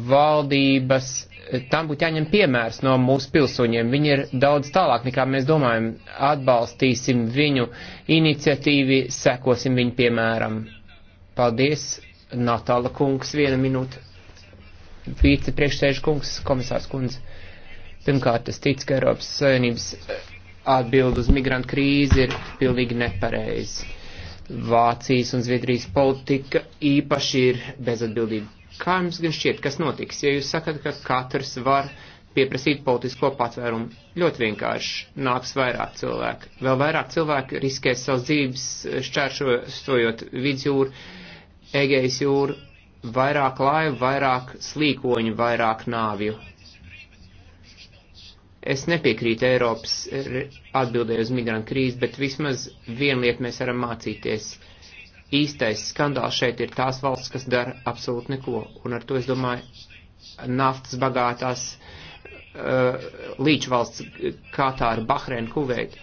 valdības, tam būtu jāņem piemērs no mūsu pilsoņiem. Viņi ir daudz tālāk nekā mēs domājam. Atbalstīsim viņu iniciatīvi, sekosim viņu piemēram. Paldies, Natāla kungs, viena minūte. Vīce priekšsēžu kungs, komisārs kundze. Pirmkārt, es ticu, ka Eiropas Savienības eh, atbild uz migrantu krīzi ir pilnīgi nepareizi. Vācijas un Zviedrijas politika īpaši ir bezatbildība. Kā jums gan šķiet, kas notiks, ja jūs sakat, ka katrs var pieprasīt politisko patvērumu? Ļoti vienkārši nāks vairāk cilvēku. Vēl vairāk cilvēku riskēs savas dzīves eh, šķēršojot vidzjūru, Egejas jūru, vairāk laivu, vairāk slīkoņu, vairāk nāvju. Es nepiekrītu Eiropas atbildēju uz migrantu krīzi, bet vismaz vienu lietu mēs varam mācīties. Īstais skandāls šeit ir tās valsts, kas dara absolūti neko. Un ar to, es domāju, naftas bagātās uh, līčvalsts Katāra, Bahreina, Kuveita,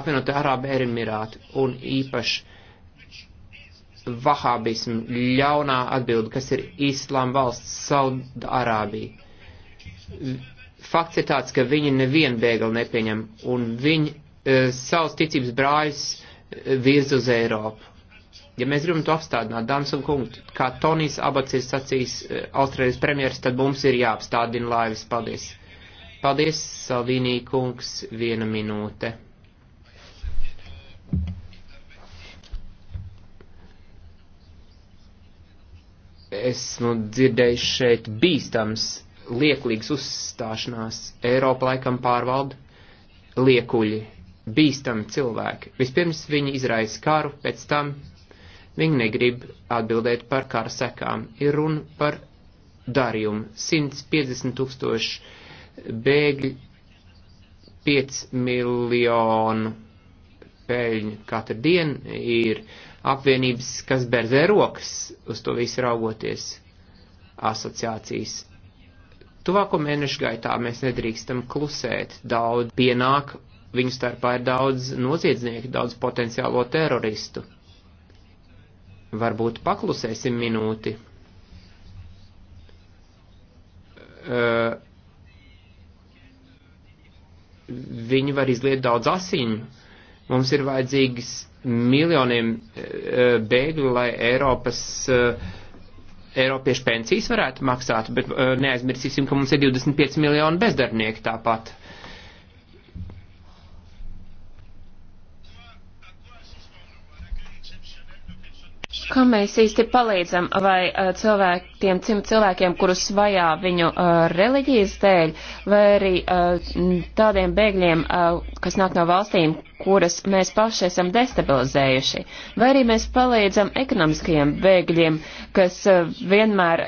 apvienotā Arāba Emirāta un īpaši vahābismu ļaunā atbildi, kas ir Islām valsts Saudārābija fakts ir tāds, ka viņi nevienu bēgli nepieņem, un viņi e, savus ticības brāļus e, virz uz Eiropu. Ja mēs gribam to apstādināt, dāmas un kungi, kā Tonijs Abats ir sacījis e, Austrālijas premjeras, tad mums ir jāapstādina laivas. Paldies! Paldies, Salvīnī kungs, viena minūte. Esmu dzirdējis šeit bīstams lieklīgas uzstāšanās Eiropa laikam pārvalda liekuļi, bīstami cilvēki. Vispirms viņi izraisa karu, pēc tam viņi negrib atbildēt par kara sekām. Ir runa par darījumu. 150 tūkstoši bēgļi, 5 miljonu peļņu katru dienu ir apvienības, kas berzē rokas uz to visu raugoties asociācijas Tuvāko mēnešu gaitā mēs nedrīkstam klusēt. Daudz pienāk, viņu starpā ir daudz noziedznieku, daudz potenciālo teroristu. Varbūt paklusēsim minūti. Uh, viņi var izliet daudz asiņu. Mums ir vajadzīgs miljoniem uh, bēgļu, lai Eiropas uh, Eiropiešu pensijas varētu maksāt, bet eh, neaizmirsīsim, ka mums ir 25 miljoni bezdarbnieku tāpat. Kā mēs īsti palīdzam vai eh, cilvēk, tiem cilvēkiem, kurus vajā viņu uh, reliģijas dēļ, vai arī uh, tādiem bēgļiem, uh, kas nāk no valstīm, kuras mēs paši esam destabilizējuši, vai arī mēs palīdzam ekonomiskajiem bēgļiem, kas uh, vienmēr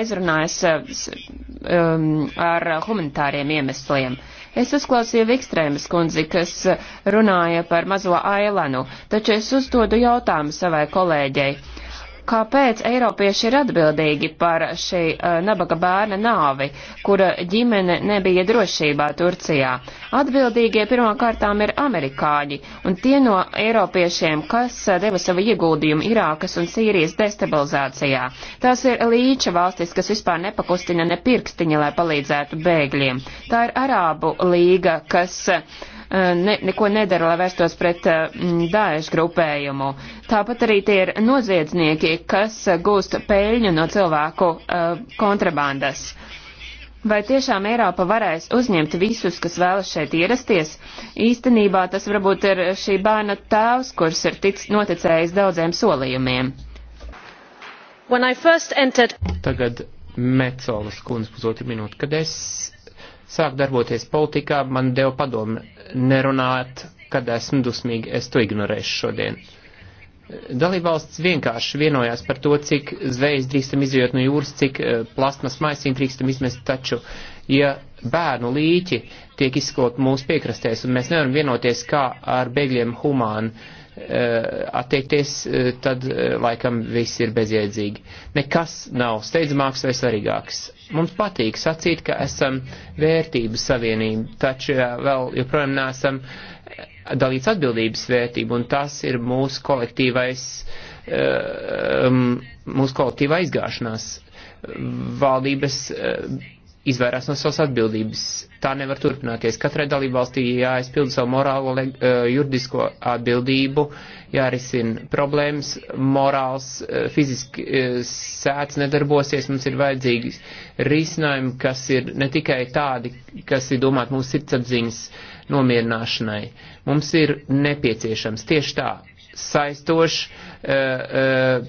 aizrunājas uh, um, ar humanitāriem iemesliem. Uh, Es uzklausīju Vikstrēmas kundzi, kas eh, runāja par mazo ailanu, taču es uzdodu jautājumu savai kolēģei kāpēc Eiropieši ir atbildīgi par šī uh, nabaga bērna nāvi, kura ģimene nebija drošībā Turcijā. Atbildīgie pirmkārtām ir amerikāņi un tie no Eiropiešiem, kas uh, deva savu ieguldījumu Irākas un Sīrijas destabilizācijā. Tās ir līča valstis, kas vispār nepakustina ne pirkstiņa, lai palīdzētu bēgļiem. Tā ir Arābu līga, kas uh, Eh, ne, neko nedara, lai vērstos pret eh, Daesh grupējumu. Tāpat arī tie ir noziedznieki, kas eh, gūst peļņu no cilvēku kontrabandas. Vai tiešām Eiropa varēs uzņemt visus, kas vēlas šeit ierasties? Īstenībā tas varbūt ir šī bērna tēvs, kurš ir tic, noticējis daudziem solījumiem. Entered... Tagad Mecolas kundze pusotru minūti, kad es sāku darboties politikā, man deva padomu nerunāt, kad esmu dusmīgi, es to ignorēšu šodien. Dalībvalsts vienkārši vienojās par to, cik zvejas drīkstam izjot no jūras, cik eh, plasmas maisiņu drīkstam izmest, taču, ja bērnu līķi tiek izskot mūsu piekrastēs, un mēs nevaram vienoties, kā ar bēgļiem humāni, uh, Eh, attiekties, eh, tad eh, laikam viss ir bezjēdzīgi. Nekas nav steidzamāks vai svarīgāks. Mums patīk sacīt, ka esam vērtības savienība, taču vēl joprojām neesam dalīts atbildības vērtība, un tas ir mūsu kolektīvais, mūsu kolektīva aizgāšanās. Valdības izvairās no savas atbildības. Tā nevar turpināties. Katrai dalībvalstī jāizpild savu morālo, uh, juridisko atbildību, jārisina problēmas, morāls, uh, fiziski uh, sēts nedarbosies, mums ir vajadzīgi risinājumi, kas ir ne tikai tādi, kas ir domāti mūsu sirdsapziņas nomierināšanai. Mums ir nepieciešams tieši tā saistošs um,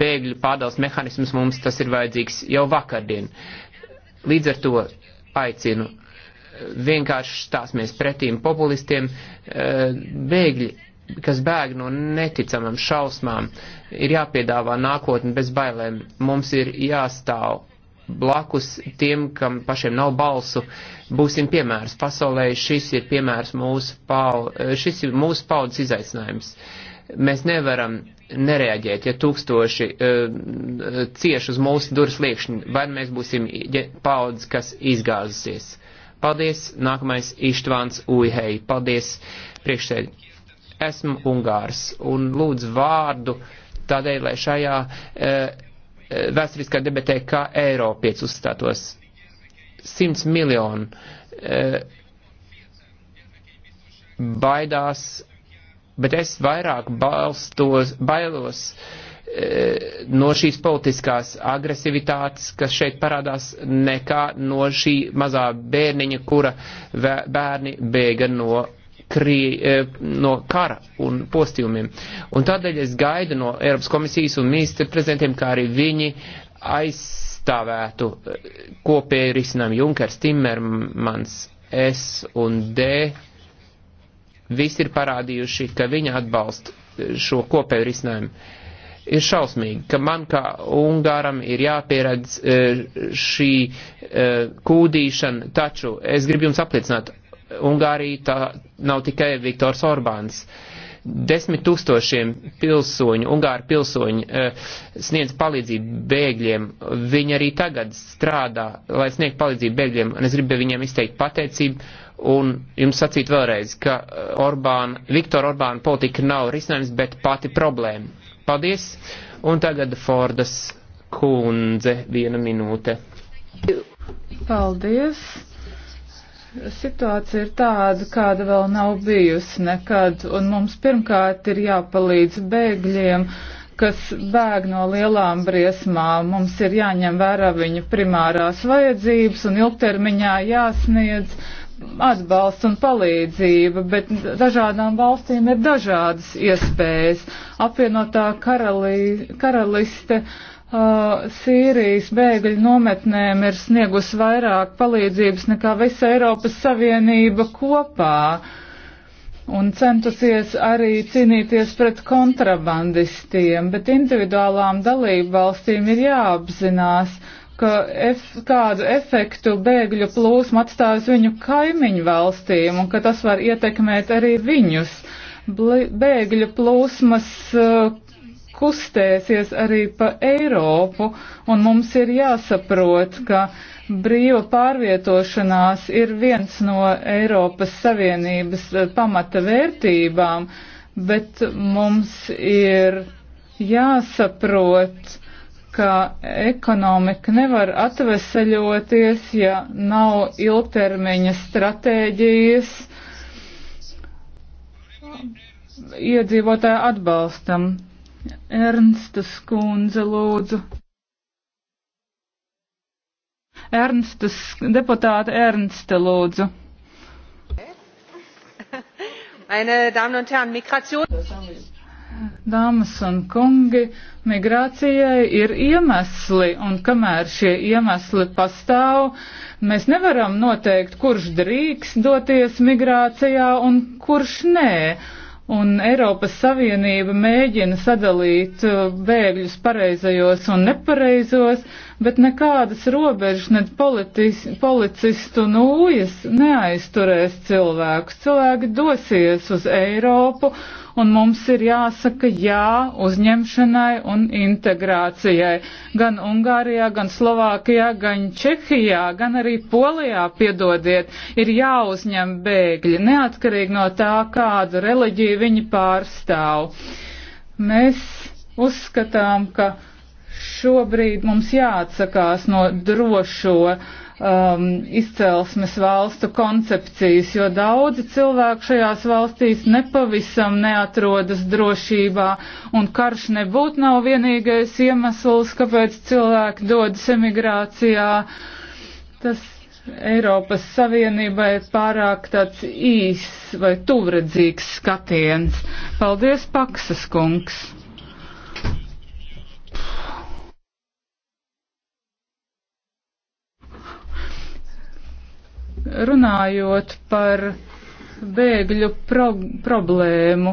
bēgļu pārdales mehānisms mums tas ir vajadzīgs jau vakardien. Uh, Līdz ar to aicinu eh, vienkārši stāsmies pretīm populistiem, eh, bēgļi, kas bēg no neticamam šausmām, ir jāpiedāvā nākotni bez bailēm. Mums ir jāstāv blakus tiem, kam pašiem nav balsu, būsim piemērs pasaulē, šis ir piemērs mūsu, pau, eh, šis ir mūsu paudzes izaicinājums. Mēs nevaram nereaģēt, ja tūkstoši uh, cieš uz mūsu durvis liekšņi, vai nu mēs būsim paudzes, kas izgāzusies. Paldies, nākamais Ištvāns Ujhei, paldies priekšsēd. Esmu Ungārs un lūdzu vārdu tādēļ, lai šajā uh, vēsturiskā debatē kā Eiropietis uzstātos. 100 miljonu uh, baidās bet es vairāk balstos, bailos e, no šīs politiskās agresivitātes, kas šeit parādās, nekā no šī mazā bērniņa, kura vē, bērni bēga no, krī, e, no kara un postījumiem. Un tādēļ es gaidu no Eiropas komisijas un ministra prezidentiem, kā arī viņi aizstāvētu e, kopēju risinājumu Junkers, Timmermans, S un D Visi ir parādījuši, ka viņi atbalsta šo kopēju risinājumu. Ir šausmīgi, ka man kā Ungāram ir jāpieredz e, šī e, kūdīšana, taču es gribu jums apliecināt, Ungārija tā nav tikai Viktors Orbāns desmit tūkstošiem pilsoņu, Ungāru pilsoņu e, sniedz palīdzību bēgļiem. Viņi arī tagad strādā, lai sniegtu palīdzību bēgļiem, un es gribu viņiem izteikt pateicību Un jums sacīt vēlreiz, ka eh, Orbāna, Viktora Orbāna politika nav risinājums, bet pati problēma. Paldies! Un tagad Fordas kundze viena minūte. Paldies! Situācija ir tāda, kāda vēl nav bijusi nekad, un mums pirmkārt ir jāpalīdz bēgļiem, kas bēg no lielām briesmām. Mums ir jāņem vērā viņa primārās vajadzības un ilgtermiņā jāsniedz atbalsts un palīdzība, bet dažādām valstīm ir dažādas iespējas. Apvienotā karalī, karaliste uh, Sīrijas bēgļu nometnēm ir sniegus vairāk palīdzības nekā visa Eiropas Savienība kopā un centusies arī cīnīties pret kontrabandistiem, bet individuālām dalību valstīm ir jāapzinās, ka ef, kādu efektu bēgļu plūsma atstājas viņu kaimiņu valstīm un ka tas var ietekmēt arī viņus. Bēgļu plūsmas uh, kustēsies arī pa Eiropu un mums ir jāsaprot, ka brīva pārvietošanās ir viens no Eiropas Savienības uh, pamata vērtībām, bet mums ir jāsaprot, ka ekonomika nevar atveseļoties, ja nav ilgtermiņa stratēģijas iedzīvotāju atbalstam. Ernsta skundze lūdzu. Ernstas, deputāte Ernsta lūdzu. Meine Damen und Herren, Migration. Dāmas un kungi, migrācijai ir iemesli, un kamēr šie iemesli pastāv, mēs nevaram noteikt, kurš drīks doties migrācijā un kurš nē. Un Eiropas Savienība mēģina sadalīt uh, bēgļus pareizajos un nepareizos, bet nekādas robežas, ne politis, policistu nūjas neaizturēs cilvēkus. Cilvēki dosies uz Eiropu un mums ir jāsaka jā uzņemšanai un integrācijai. Gan Ungārijā, gan Slovākijā, gan Čehijā, gan arī Polijā, piedodiet, ir jāuzņem bēgļi, neatkarīgi no tā, kādu reliģiju viņi pārstāv. Mēs uzskatām, ka šobrīd mums jāatsakās no drošo um, izcelsmes valstu koncepcijas, jo daudzi cilvēki šajās valstīs nepavisam neatrodas drošībā, un karš nebūtu nav vienīgais iemesls, kāpēc cilvēki dodas emigrācijā. Tas Eiropas Savienībai ir pārāk tāds īs vai tuvredzīgs skatiens. Paldies, Paksas kungs! Runājot par bēgļu pro problēmu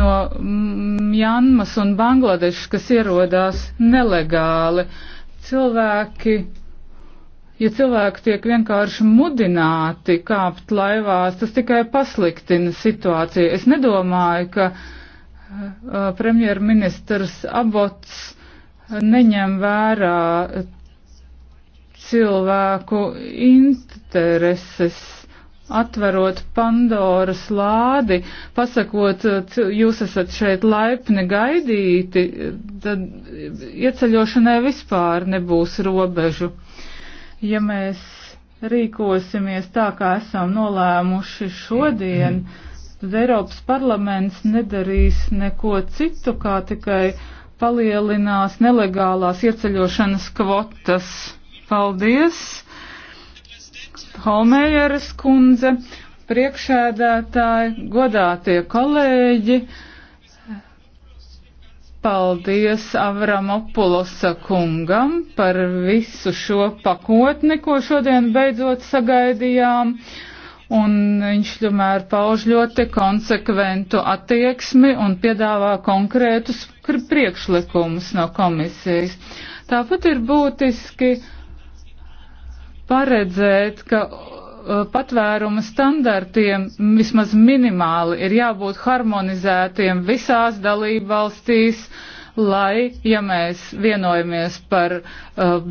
no Mjanmas un Bangladešas, kas ierodās nelegāli, cilvēki, ja cilvēki tiek vienkārši mudināti kāpt laivās, tas tikai pasliktina situāciju. Es nedomāju, ka uh, premjerministrs Abots neņem vērā cilvēku intereses, atverot Pandoras lādi, pasakot, jūs esat šeit laipni gaidīti, tad ieceļošanai vispār nebūs robežu. Ja mēs rīkosimies tā, kā esam nolēmuši šodien, tad Eiropas parlaments nedarīs neko citu, kā tikai palielinās nelegālās ieceļošanas kvotas. Paldies, Holmējeras kundze, priekšēdētāji, godātie kolēģi. Paldies Avramopulosa kungam par visu šo pakotni, ko šodien beidzot sagaidījām un viņš tomēr pauž ļoti konsekventu attieksmi un piedāvā konkrētus priekšlikumus no komisijas. Tāpat ir būtiski paredzēt, ka uh, patvērumu standartiem vismaz minimāli ir jābūt harmonizētiem visās dalību valstīs, lai, ja mēs vienojamies par uh,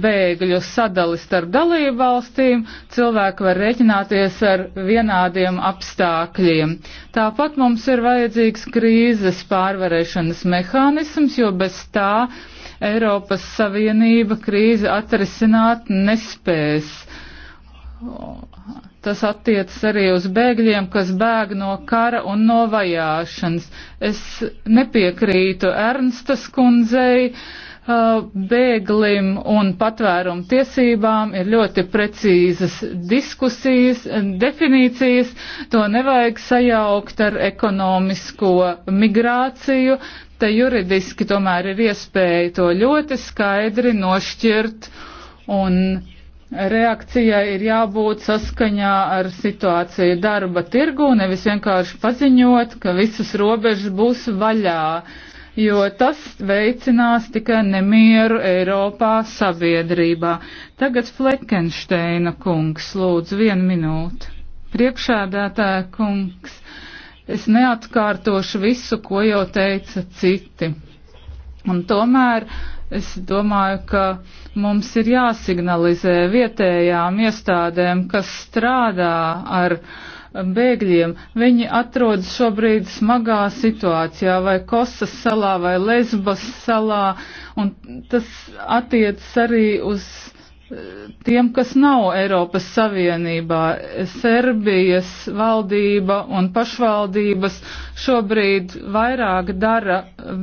bēgļu sadali starp dalību valstīm, cilvēki var reķināties ar vienādiem apstākļiem. Tāpat mums ir vajadzīgs krīzes pārvarēšanas mehānisms, jo bez tā Eiropas Savienība krīzi atrisināt nespēs Tas attiecas arī uz bēgļiem, kas bēg no kara un no vajāšanas. Es nepiekrītu Ernstas kundzei. Bēglim un patvērumu tiesībām ir ļoti precīzas diskusijas, definīcijas. To nevajag sajaukt ar ekonomisko migrāciju. Te juridiski tomēr ir iespēja to ļoti skaidri nošķirt un reakcijai ir jābūt saskaņā ar situāciju darba tirgu, nevis vienkārši paziņot, ka visas robežas būs vaļā, jo tas veicinās tikai nemieru Eiropā sabiedrībā. Tagad Fleckensteina kungs, lūdzu, vienu minūti. Priekšādātāja kungs, es neatkārtošu visu, ko jau teica citi. Un tomēr Es domāju, ka mums ir jāsignalizē vietējām iestādēm, kas strādā ar bēgļiem. Viņi atrodas šobrīd smagā situācijā vai Kosas salā vai Lesbas salā, un tas attiec arī uz tiem, kas nav Eiropas Savienībā. Serbijas valdība un pašvaldības šobrīd vairāk dara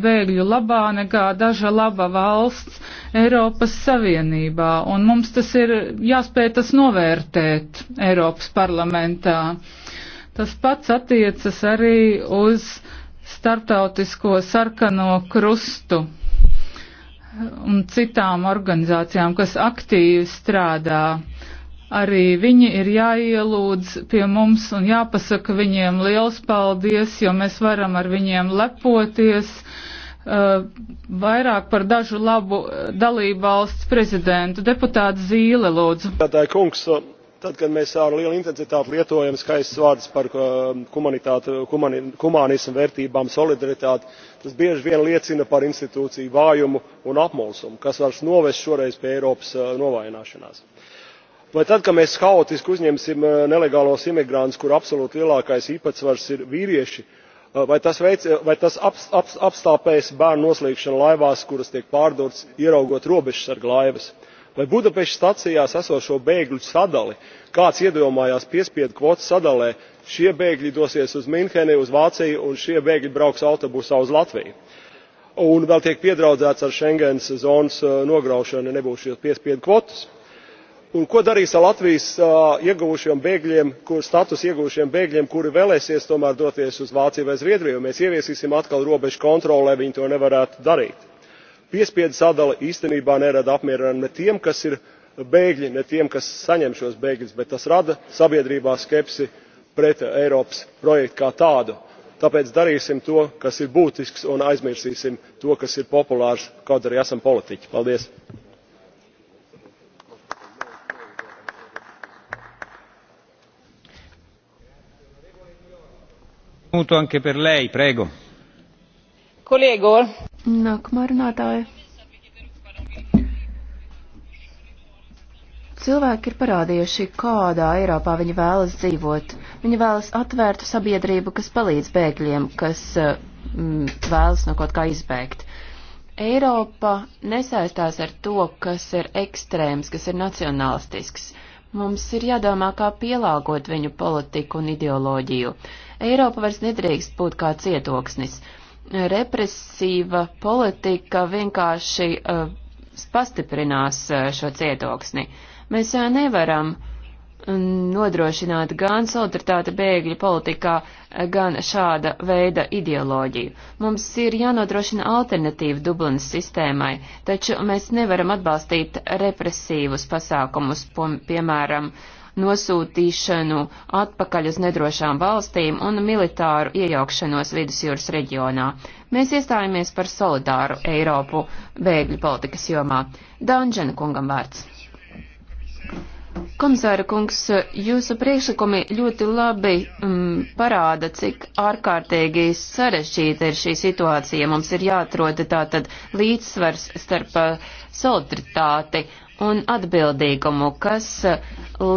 bēgļu labā nekā daža laba valsts Eiropas Savienībā, un mums tas ir jāspēj tas novērtēt Eiropas parlamentā. Tas pats attiecas arī uz starptautisko sarkano krustu un citām organizācijām, kas aktīvi strādā. Arī viņi ir jāielūdz pie mums un jāpasaka viņiem liels paldies, jo mēs varam ar viņiem lepoties. Uh, vairāk par dažu labu uh, dalību valsts prezidentu. Deputāts Zīle, lūdzu. Tātāji kungs, tad kad mēs ar lielu intensitāti lietojam skaistus vārdus par um, humānismu vērtībām solidaritāti tas bieži vien liecina par institūciju vājumu un apmulsumu kas var novest šoreiz pie eiropas uh, novājināšanās. vai tad kad mēs haotiski uzņemsim uh, nelegālos imigrantus kuru absolūti lielākais īpatsvars ir vīrieši uh, vai tas, veic, vai tas ap, ap, apstāpēs bērnu noslīgšanu laivās kuras tiek pārdotas ieraugot robežsargu laivas? vai budapeštes stacijās esošo bēgļu sadali kāds iedomājās piespiedu kvotu sadalē šie bēgļi dosies uz minheni uz vāciju un šie bēgļi brauks autobusā uz latviju. un vēl tiek piedraudzēts ar schengenas zonas eh, nograušanu ja nebūs šīs piespiedu kvotas. Un ko darīs ar Latvijas uh, ieguvušiem bēgļiem, kur status ieguvušiem bēgļiem, kuri vēlēsies tomēr doties uz Vāciju vai Zviedriju? Mēs ieviesīsim atkal robežu kontroli, lai viņi to nevarētu darīt piespiedu sadale īstenībā nerada apmierinājumu ne tiem kas ir bēgļi ne tiem kas saņem šos bēgļus bet tas rada sabiedrībā skepsi pret eiropas projektu kā tādu. tāpēc darīsim to kas ir būtisks un aizmirsīsim to kas ir populārs kaut arī esam politiķi. paldies! Anche per lei, prego. Kolēģi! Nākamā runātāja. Cilvēki ir parādījuši, kādā Eiropā viņi vēlas dzīvot. Viņi vēlas atvērtu sabiedrību, kas palīdz bēgļiem, kas mm, vēlas no kaut kā izbēgt. Eiropa nesaistās ar to, kas ir ekstrēms, kas ir nacionālistisks. Mums ir jādomā, kā pielāgot viņu politiku un ideoloģiju. Eiropa vairs nedrīkst būt kā cietoksnis represīva politika vienkārši uh, pastiprinās uh, šo cietoksni. Mēs uh, nevaram mm, nodrošināt gan solidaritāte bēgļu politikā, gan šāda veida ideoloģiju. Mums ir jānodrošina alternatīva Dublinas sistēmai, taču mēs nevaram atbalstīt represīvus pasākumus, piemēram, uh, nosūtīšanu atpakaļ uz nedrošām valstīm un militāru iejaukšanos vidusjūras reģionā. Mēs iestājāmies par solidāru Eiropu bēgļu politikas jomā. Danžena kungam vārds. Komisāra kungs, jūsu priekšlikumi ļoti labi mm, parāda, cik ārkārtīgi sarežģīta ir šī situācija. Mums ir jāatrod tātad līdzsvars starp eh, solidaritāti un atbildīgumu, kas e,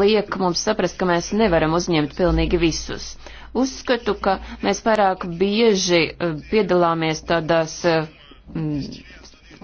liek mums saprast, ka mēs nevaram uzņemt pilnīgi visus. Uzskatu, ka mēs pārāk bieži e, piedalāmies tādās e,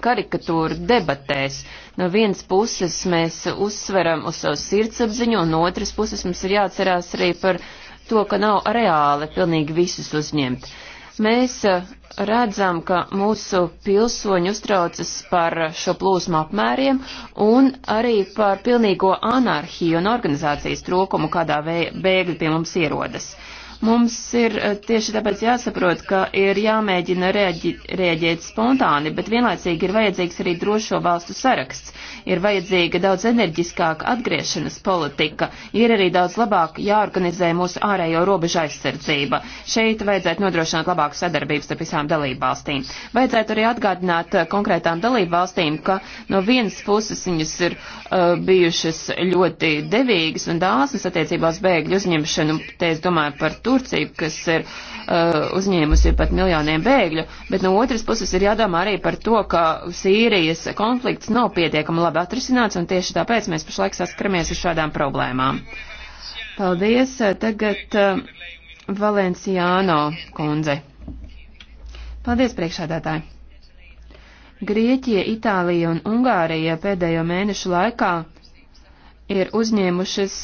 karikatūru debatēs. No vienas puses mēs uzsveram uz savu sirdsapziņu, un no otras puses mums ir jāatcerās arī par to, ka nav reāli pilnīgi visus uzņemt. Uh, Mēs eh, redzam, ka mūsu pilsoņi uztraucas par šo plūsmu apmēriem un arī par pilnīgo anarhiju un organizācijas trūkumu, kādā bēgļi pie mums ierodas. Uh, Mums ir eh, tieši tāpēc jāsaprot, ka ir jāmēģina reaģi, reaģēt spontāni, bet vienlaicīgi ir vajadzīgs arī drošo valstu saraksts. Ir vajadzīga daudz enerģiskāka atgriešanas politika, ir arī daudz labāk jāorganizē mūsu ārējo robežu aizsardzība. Šeit vajadzētu nodrošināt labāku sadarbību starp visām dalībvalstīm. Vajadzētu arī atgādināt eh, konkrētām dalībvalstīm, ka no vienas puses viņas ir uh, bijušas ļoti devīgas un dāsnas attiecībās bēgļu uzņemšanu. Te es domāju par to Turciju, kas ir uh, uzņēmusi pat miljoniem bēgļu, bet no otras puses ir jādomā arī par to, ka Sīrijas konflikts nav pietiekami labi atrisināts, un tieši tāpēc mēs pašlaik saskaramies ar šādām problēmām. Paldies. Tagad uh, Valenciāno kundze. Paldies, priekšādātāji. Grieķija, Itālija un Ungārija pēdējo mēnešu laikā ir uzņēmušas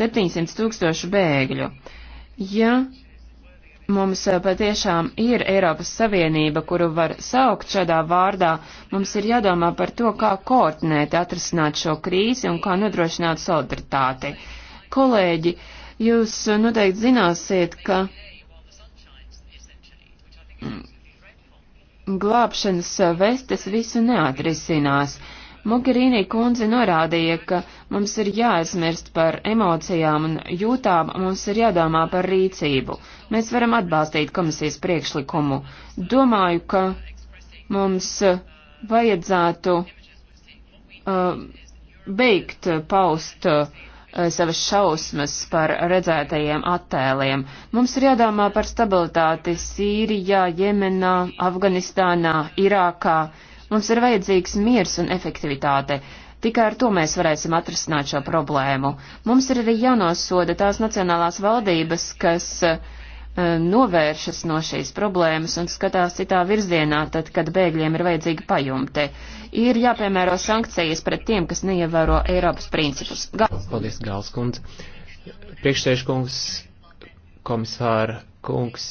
700 uh, tūkstošu bēgļu. Ja mums eh, patiešām ir Eiropas Savienība, kuru var saukt šādā vārdā, mums ir jādomā par to, kā koordinēt, atrisināt šo krīzi un kā nodrošināt solidaritāti. Kolēģi, jūs noteikti zināsiet, ka glābšanas vestes visu neatrisinās. Mogherīnī kundze norādīja, ka mums ir jāaizmirst par emocijām un jūtām, mums ir jādomā par rīcību. Mēs varam atbalstīt komisijas priekšlikumu. Domāju, ka mums eh, vajadzētu uh, beigt paust uh, savas šausmas par redzētajiem attēliem. Mums ir jādomā par stabilitāti Sīrijā, Jemenā, Afganistānā, Irākā. Mums ir vajadzīgs miers un efektivitāte. Tikai ar to mēs varēsim atrisināt šo problēmu. Mums ir arī jānosoda tās nacionālās valdības, kas uh, novēršas no šīs problēmas un skatās citā virzienā, tad, kad bēgļiem ir vajadzīga pajumte. Ir jāpiemēro sankcijas pret tiem, kas neievēro Eiropas principus. Gals. Paldies, Gals kundze. Priekšsēžkungs, komisāra kungs,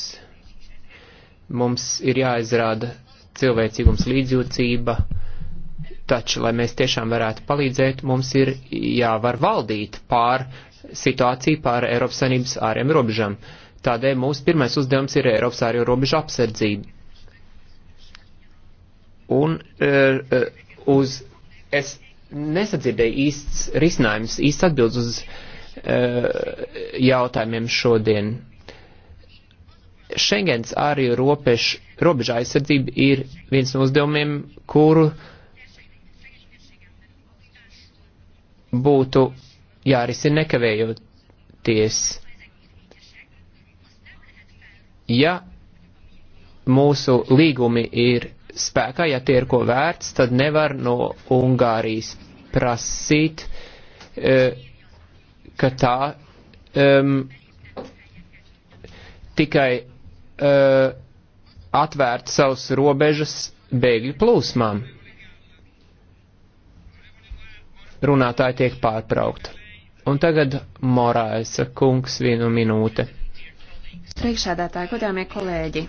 mums ir jāizrāda cilvēcīgums, līdzjūtība, taču, lai mēs tiešām varētu palīdzēt, mums ir jāvar valdīt pār situāciju, pār Eiropas Savienības āriem robežam. Tādēļ mūsu pirmais uzdevums ir Eiropas ārējo robežu apsardzība. Un uh, uz, es nesadzirdēju īsts risinājums, īsts atbildes uz uh, jautājumiem šodien. Schengens arī robež, robeža aizsardzība ir viens no uzdevumiem, kuru būtu jārisina nekavējoties. Ja mūsu līgumi ir spēkā, ja tie ir ko vērts, tad nevar no Ungārijas prasīt, e, ka tā um, tikai uh, atvērt savus robežas bēgļu plūsmām. Runātāji tiek pārtraukti. Un tagad Morāisa kungs vienu minūte. Priekšādātāji, godāmie kolēģi!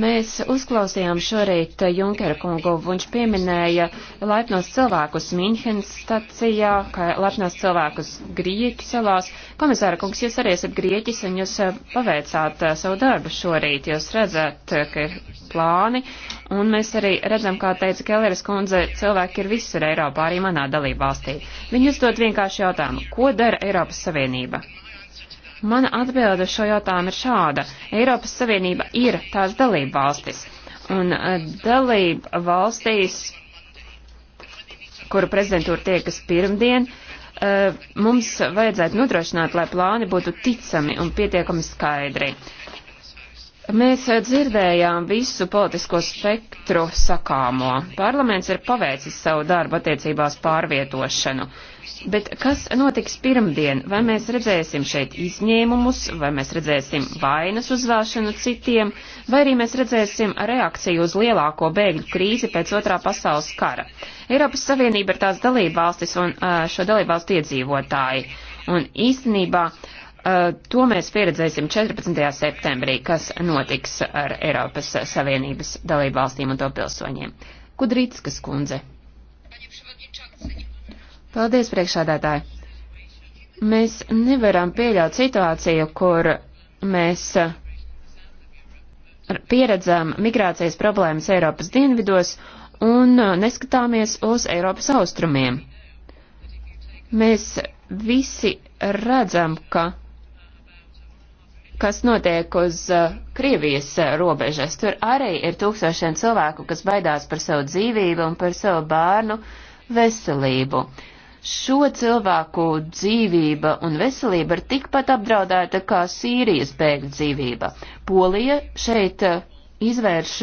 Mēs uzklausījām šorīt Junkera kungu, viņš pieminēja laipnos cilvēkus Minhenes stacijā, kā laipnos cilvēkus Grieķu salās. Komisāra kungs, jūs arī esat Grieķis un jūs eh, paveicāt eh, savu darbu šorīt, jūs redzat, eh, ka ir plāni, un mēs arī redzam, kā teica Kelleris kundze, cilvēki ir visur Eiropā, arī manā dalībvalstī. Viņi uzdod vienkārši jautājumu, ko dara Eiropas Savienība? Mana atbilde šo jautājumu ir šāda. Eiropas Savienība ir tās dalība valstis. Un eh, dalība valstīs, kuru prezidentūra tiekas pirmdien, eh, mums vajadzētu nodrošināt, lai plāni būtu ticami un pietiekami skaidri. Mēs eh, dzirdējām visu politisko spektru sakāmo. Parlaments ir paveicis savu darbu attiecībās pārvietošanu. Uh, Bet kas notiks pirmdien? Vai mēs redzēsim šeit izņēmumus, vai mēs redzēsim vainas uzvāšanu citiem, vai arī mēs redzēsim reakciju uz lielāko bēgļu krīzi pēc otrā pasaules kara? Eiropas Savienība ir tās dalībvalstis un šo dalībvalstu iedzīvotāji. Un īstenībā to mēs pieredzēsim 14. septembrī, kas notiks ar Eiropas Savienības dalībvalstīm un to pilsoņiem. Kudrītskas kundze. Paldies, priekšādātāji. Mēs nevaram pieļaut situāciju, kur mēs eh, pieredzam migrācijas problēmas Eiropas dienvidos un eh, neskatāmies uz Eiropas austrumiem. Mēs visi redzam, ka kas notiek uz eh, Krievijas robežas. Tur arī ir tūkstošiem cilvēku, kas baidās par savu dzīvību un par savu bērnu veselību. Uh, Šo cilvēku dzīvība un veselība ir tikpat apdraudēta kā Sīrijas bēgļu dzīvība. Polija šeit eh, izvērš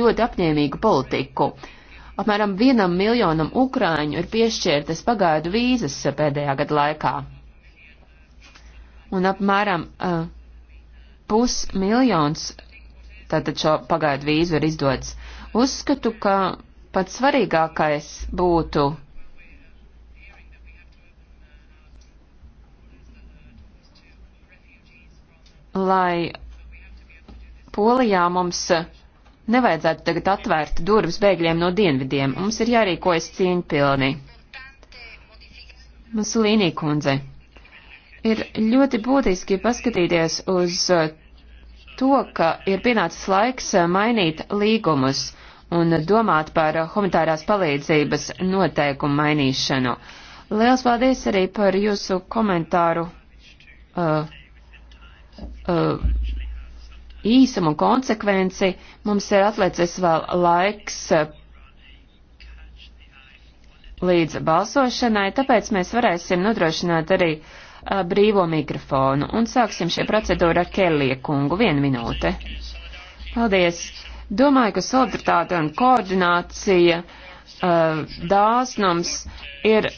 ļoti apņēmīgu politiku. Apmēram vienam miljonam ukrāņu ir piešķirtas pagaidu vīzas pēdējā gada laikā. Un apmēram uh, pusmiljons tātad šo pagaidu vīzu ir izdots. Uzskatu, ka pats svarīgākais būtu lai Polijā mums nevajadzētu tagad atvērt durvis bēgļiem no dienvidiem. Mums ir jārīkojas cieņpilni. Maslīnī kundze, ir ļoti būtiski paskatīties uz uh, to, ka ir pienācis laiks uh, mainīt līgumus un domāt par uh, humanitārās palīdzības noteikumu mainīšanu. Liels paldies arī par jūsu komentāru uh, uh, īsumu un konsekvenci. Mums ir atlicis vēl laiks uh, līdz balsošanai, tāpēc mēs varēsim nodrošināt arī uh, brīvo mikrofonu. Un sāksim šie procedūra ar Kellie kungu. Vienu minūte. Paldies. Domāju, ka solidaritāte un koordinācija, uh, dāsnums ir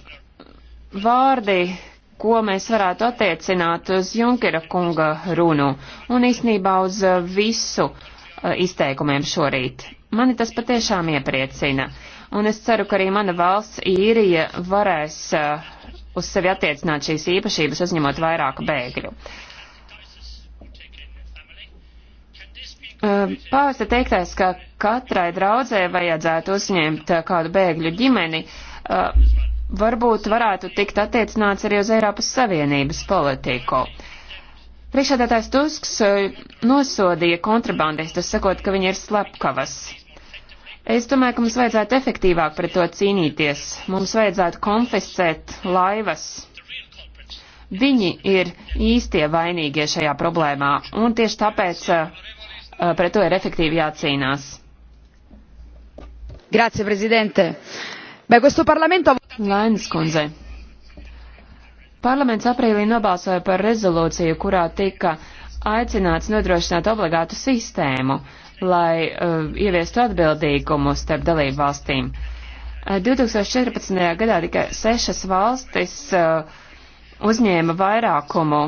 vārdi, ko mēs varētu attiecināt uz Junkera kunga runu un īsnībā uz eh, visu eh, izteikumiem šorīt. Mani tas patiešām iepriecina, un es ceru, ka arī mana valsts īrija varēs eh, uz sevi attiecināt šīs īpašības, uzņemot vairāku bēgļu. Pāvesta teiktais, ka katrai draudzē vajadzētu uzņemt kādu bēgļu ģimeni, varbūt varētu tikt attiecināts arī uz Eiropas Savienības politiku. Priekšādātājs Tusks eh, nosodīja kontrabandistus, sakot, ka viņi ir slepkavas. Es domāju, ka mums vajadzētu efektīvāk pret to cīnīties. Mums vajadzētu konfiscēt laivas. Viņi ir īstie vainīgie šajā problēmā, un tieši tāpēc eh, pret to ir efektīvi jācīnās. Grazie, prezidente. Vai questo Parlamento... Lainas kundze. Parlaments aprīlī nobalsoja par rezolūciju, kurā tika aicināts nodrošināt obligātu sistēmu, lai uh, ieviestu atbildīgumu starp dalību valstīm. Uh, 2014. gadā tikai sešas valstis uh, uzņēma vairākumu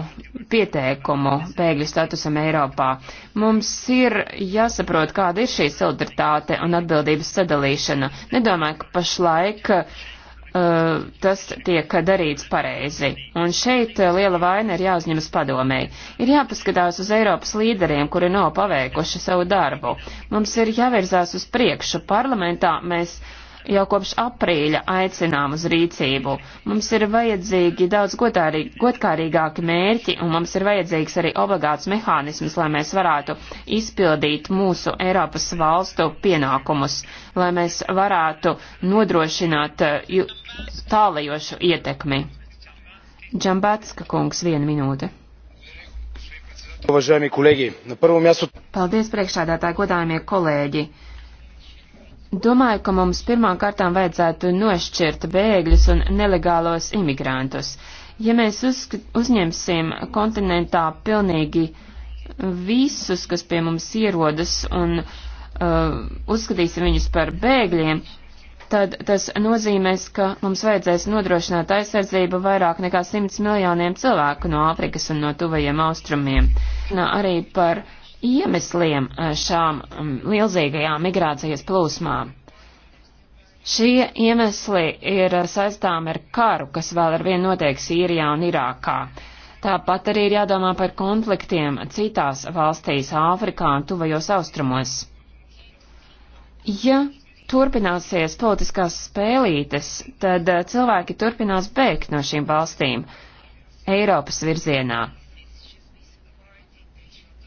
pieteikumu bēgļu statusam Eiropā. Mums ir jāsaprot, kāda ir šī solidaritāte un atbildības sadalīšana. Nedomāju, ka pašlaik uh, tas tiek darīts pareizi. Un šeit uh, liela vaina ir jāuzņemas padomēji. Ir jāpaskatās uz Eiropas līderiem, kuri nav paveikuši savu darbu. Mums ir jāvirzās uz priekšu. Parlamentā mēs jau kopš aprīļa aicinām uz rīcību. Mums ir vajadzīgi daudz godkārīgāki mērķi, un mums ir vajadzīgs arī obligāts mehānisms, lai mēs varētu izpildīt mūsu Eiropas valstu pienākumus, lai mēs varētu nodrošināt eh, tālajošu ietekmi. Džambatska kungs, viena minūte. Paldies, priekšādātāji, godājumie kolēģi! Domāju, ka mums pirmām kārtām vajadzētu nošķirt bēgļus un nelegālos imigrantus. Ja mēs uzskat, uzņemsim kontinentā pilnīgi visus, kas pie mums ierodas, un uh, uzskatīsim viņus par bēgļiem, tad tas nozīmēs, ka mums vajadzēs nodrošināt aizsardzību vairāk nekā 100 miljoniem cilvēku no Āfrikas un no tuvajiem austrumiem. Nā, arī par uh, iemesliem eh, šām mm, lielzīgajām migrācijas plūsmām. Šie iemesli ir eh, saistām ar karu, kas vēl ar vienu notiek Sīrijā un Irākā. Tāpat arī ir jādomā par konfliktiem citās valstīs, Āfrikā un tuvajos austrumos. Ja turpināsies politiskās spēlītes, tad eh, cilvēki turpinās bēgt no šīm valstīm Eiropas virzienā.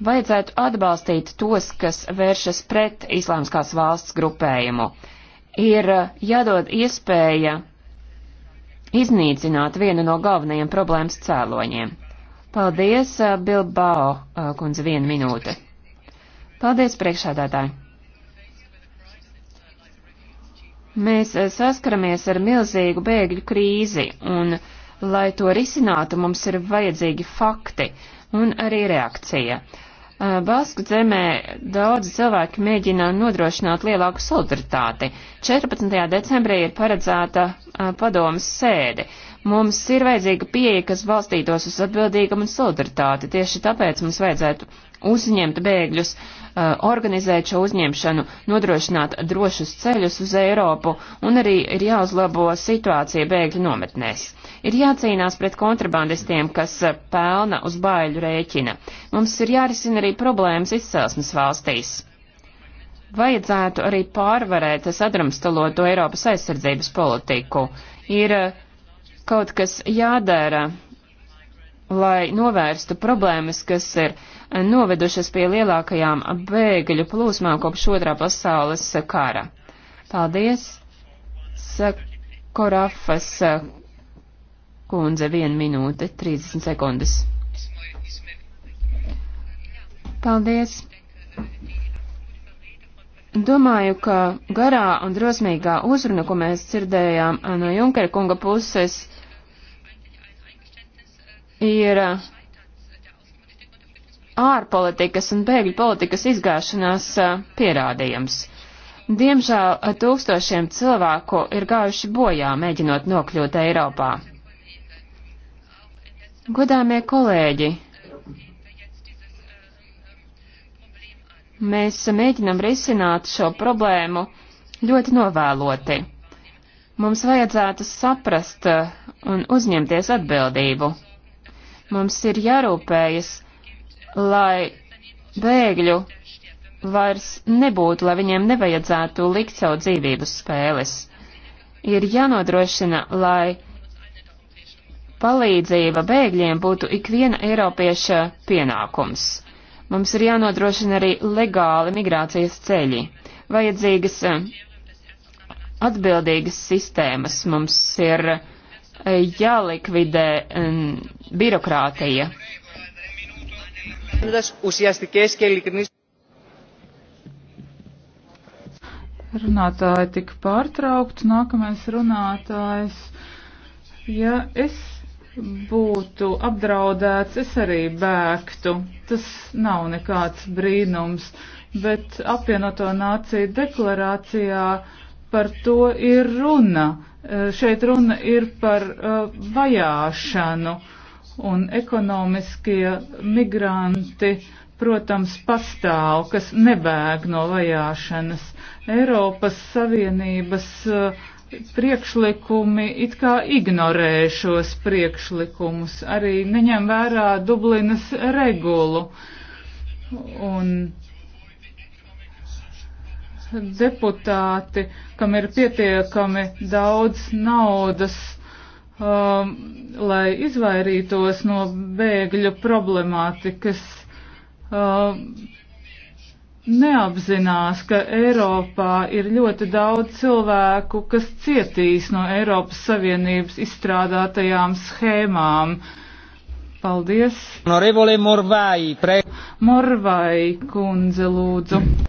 Vajadzētu atbalstīt tos, kas vēršas pret islāmskās valsts grupējumu. Ir uh, jādod iespēja iznīcināt vienu no galvenajiem problēmas cēloņiem. Paldies, uh, Bilbao, uh, kundze, viena minūte. Paldies, priekšādātāji. Mēs saskaramies ar milzīgu bēgļu krīzi, un, lai to risinātu, mums ir vajadzīgi fakti un arī reakcija. Uh, Uh, Basku zemē daudzi cilvēki mēģina nodrošināt lielāku solidaritāti. 14. decembrī ir paredzēta uh, padomas sēde. Mums ir vajadzīga pieeja, kas balstītos uz atbildīgumu un solidaritāti. Tieši tāpēc mums vajadzētu uzņemt bēgļus uh, Uh, organizēt šo uzņemšanu, nodrošināt drošus ceļus uz Eiropu un arī ir jāuzlabo situācija bēgļu nometnēs. Ir jācīnās pret kontrabandistiem, kas uh, pelna uz bāļu rēķina. Mums ir jārisina arī problēmas izcelsmes valstīs. Vajadzētu arī pārvarēt sadrumstaloto Eiropas aizsardzības politiku. Ir uh, kaut kas jādara lai novērstu problēmas, kas ir novedušas pie lielākajām bēgļu plūsmām kopš otrā pasaules kara. Paldies, Korafas kundze, 1 minūte, 30 sekundes. Paldies! Domāju, ka garā un drosmīgā uzruna, ko mēs dzirdējām no Junkera kunga puses, uh, ir uh, ārpolitikas un bēgļu politikas izgāšanās uh, pierādījums. Diemžēl uh, tūkstošiem cilvēku ir gājuši bojā, mēģinot nokļūt Eiropā. Godāmie kolēģi, mēs mēģinam risināt šo problēmu ļoti novēloti. Mums vajadzētu saprast un uzņemties atbildību. Mums ir jārūpējas, lai bēgļu vairs nebūtu, lai viņiem nevajadzētu likt savu dzīvību spēles. Ir jānodrošina, lai palīdzība bēgļiem būtu ikviena Eiropieša pienākums. Mums ir jānodrošina arī legāli migrācijas ceļi, vajadzīgas eh, atbildīgas sistēmas, mums ir uh, jālikvidē um, birokrātija. Runātāji tika pārtraukti, nākamais runātājs. Ja es būtu apdraudēts, es arī bēgtu. Tas nav nekāds brīnums, bet apvienoto nāciju deklarācijā par to ir runa. E, šeit runa ir par e, vajāšanu un ekonomiskie migranti, protams, pastāv, kas nebēg no vajāšanas. Eiropas Savienības e, priekšlikumi it kā ignorē šos priekšlikumus, arī neņem vērā Dublinas regulu. Un deputāti, kam ir pietiekami daudz naudas, um, lai izvairītos no bēgļu problemātikas, um, neapzinās, ka Eiropā ir ļoti daudz cilvēku, kas cietīs no Eiropas Savienības izstrādātajām schēmām. Paldies. Morvai, pre... Morvai kundze lūdzu.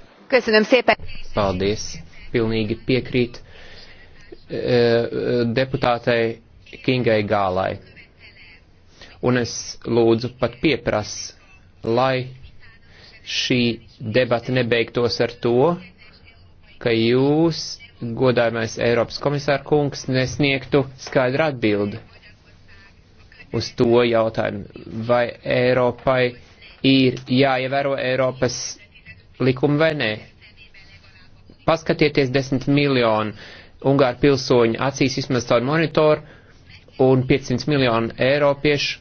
Paldies. Pilnīgi piekrīt e, e, deputātei Kingai Gālai. Un es lūdzu pat pieprasu, lai šī debata nebeigtos ar to, ka jūs, godājumais Eiropas komisāra kungs, nesniegtu skaidru atbildi uz to jautājumu, vai Eiropai ir jāievēro Eiropas likumi vai nē. Paskatieties desmit miljonu Ungāru pilsoņu acīs vismaz caur monitoru un 500 miljonu eiropiešu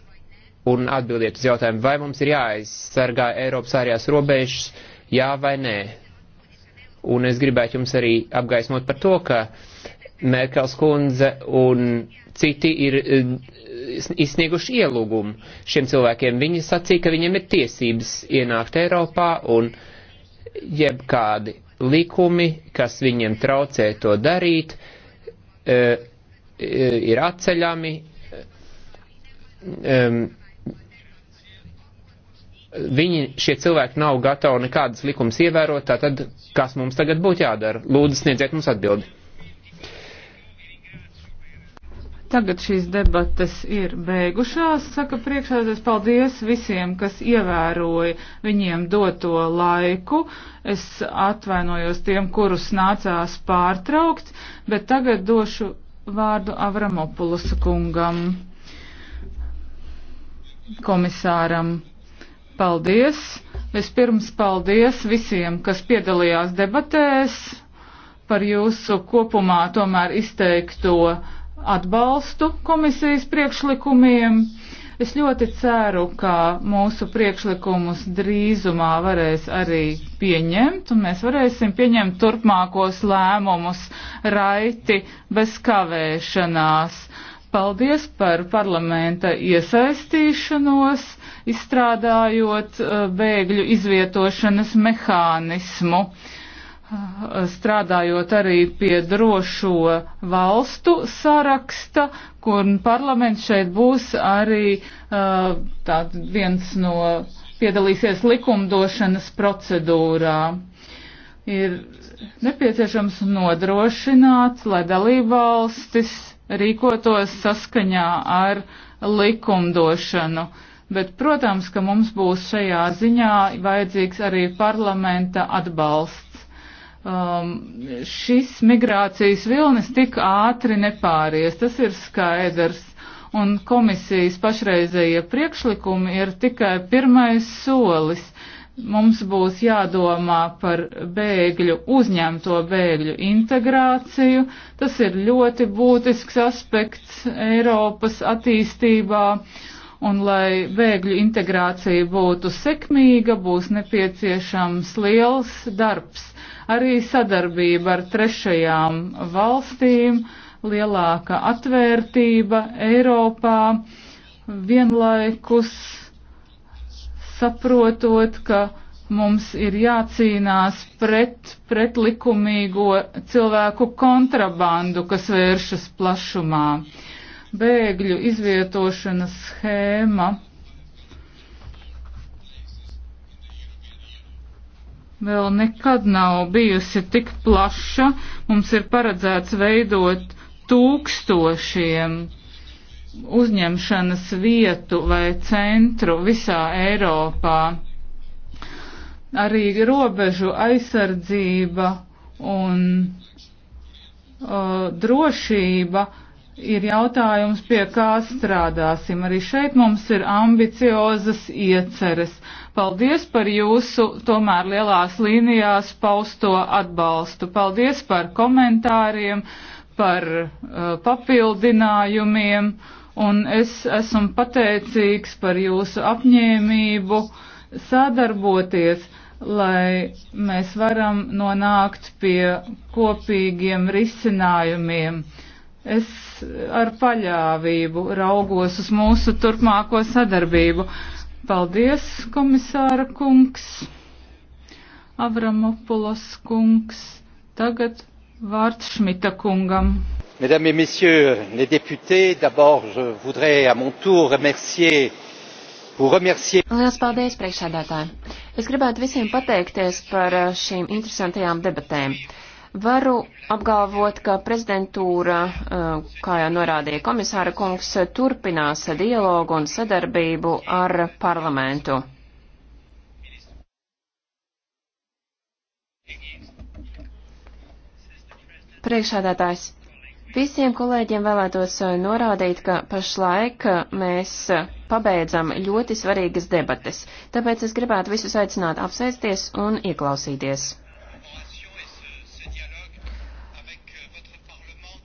un atbildiet uz jautājumu, vai mums ir jāaizsargā Eiropas ārējās robežas, jā vai nē. Un es gribētu jums arī apgaismot par to, ka Merkels kundze un citi ir eh, izsnieguši ielūgumu šiem cilvēkiem. Viņi sacīja, ka viņiem ir tiesības ienākt Eiropā un uh, jebkādi likumi, kas viņiem traucē to darīt, e, e, ir atceļami. E, viņi, šie cilvēki nav gatavi nekādas likumas ievērot, tātad kas mums tagad būtu jādara? Lūdzu, sniedziet mums atbildi. Tagad šīs debates ir beigušās, saka priekšādājs. Paldies visiem, kas ievēroja viņiem doto laiku. Es atvainojos tiem, kurus nācās pārtraukt, bet tagad došu vārdu Avramopulas kungam, komisāram. Paldies! Vispirms paldies visiem, kas piedalījās debatēs par jūsu kopumā tomēr izteikto atbalstu komisijas priekšlikumiem. Es ļoti ceru, ka mūsu priekšlikumus drīzumā varēs arī pieņemt, un mēs varēsim pieņemt turpmākos lēmumus raiti bez kavēšanās. Paldies par parlamenta iesaistīšanos, izstrādājot eh, bēgļu izvietošanas mehānismu strādājot arī pie drošo valstu saraksta, kur parlaments šeit būs arī tād, viens no piedalīsies likumdošanas procedūrā. Ir nepieciešams nodrošināt, lai dalībvalstis rīkotos saskaņā ar likumdošanu. Bet, protams, ka mums būs šajā ziņā vajadzīgs arī parlamenta atbalsts um, šis migrācijas vilnis tik ātri nepāries. Tas ir skaidrs. Un komisijas pašreizējie priekšlikumi ir tikai pirmais solis. Mums būs jādomā par bēgļu, uzņemto bēgļu integrāciju. Tas ir ļoti būtisks aspekts Eiropas attīstībā un lai bēgļu integrācija būtu sekmīga, būs nepieciešams liels darbs. Arī sadarbība ar trešajām valstīm, lielāka atvērtība Eiropā, vienlaikus saprotot, ka mums ir jācīnās pret, pret likumīgo cilvēku kontrabandu, kas vēršas plašumā. Bēgļu izvietošanas schēma vēl nekad nav bijusi tik plaša. Mums ir paredzēts veidot tūkstošiem uzņemšanas vietu vai centru visā Eiropā. Arī robežu aizsardzība un uh, drošība uh, ir jautājums, pie kā strādāsim. Arī šeit mums ir ambiciozas ieceres. Paldies par jūsu tomēr lielās līnijās pausto atbalstu. Paldies par komentāriem, par uh, papildinājumiem, un es esmu pateicīgs par jūsu apņēmību sadarboties lai mēs varam nonākt pie kopīgiem risinājumiem. Es ar paļāvību raugos uz mūsu turpmāko sadarbību. Paldies, komisāra kungs, Avramopulos kungs, tagad vārds Šmita kungam. Mesdames et messieurs les députés, d'abord je voudrais à mon tour remercier Lielas paldies, priekšsēdētāji! Es gribētu visiem pateikties par eh, šīm interesantajām debatēm. Varu apgalvot, ka prezidentūra, eh, kā jau norādīja komisāra kungs, turpinās dialogu un sadarbību ar parlamentu. Priekšādātājs. Visiem kolēģiem vēlētos norādīt, ka pašlaik mēs pabeidzam ļoti svarīgas debates, tāpēc es gribētu visus aicināt apsēsties un ieklausīties.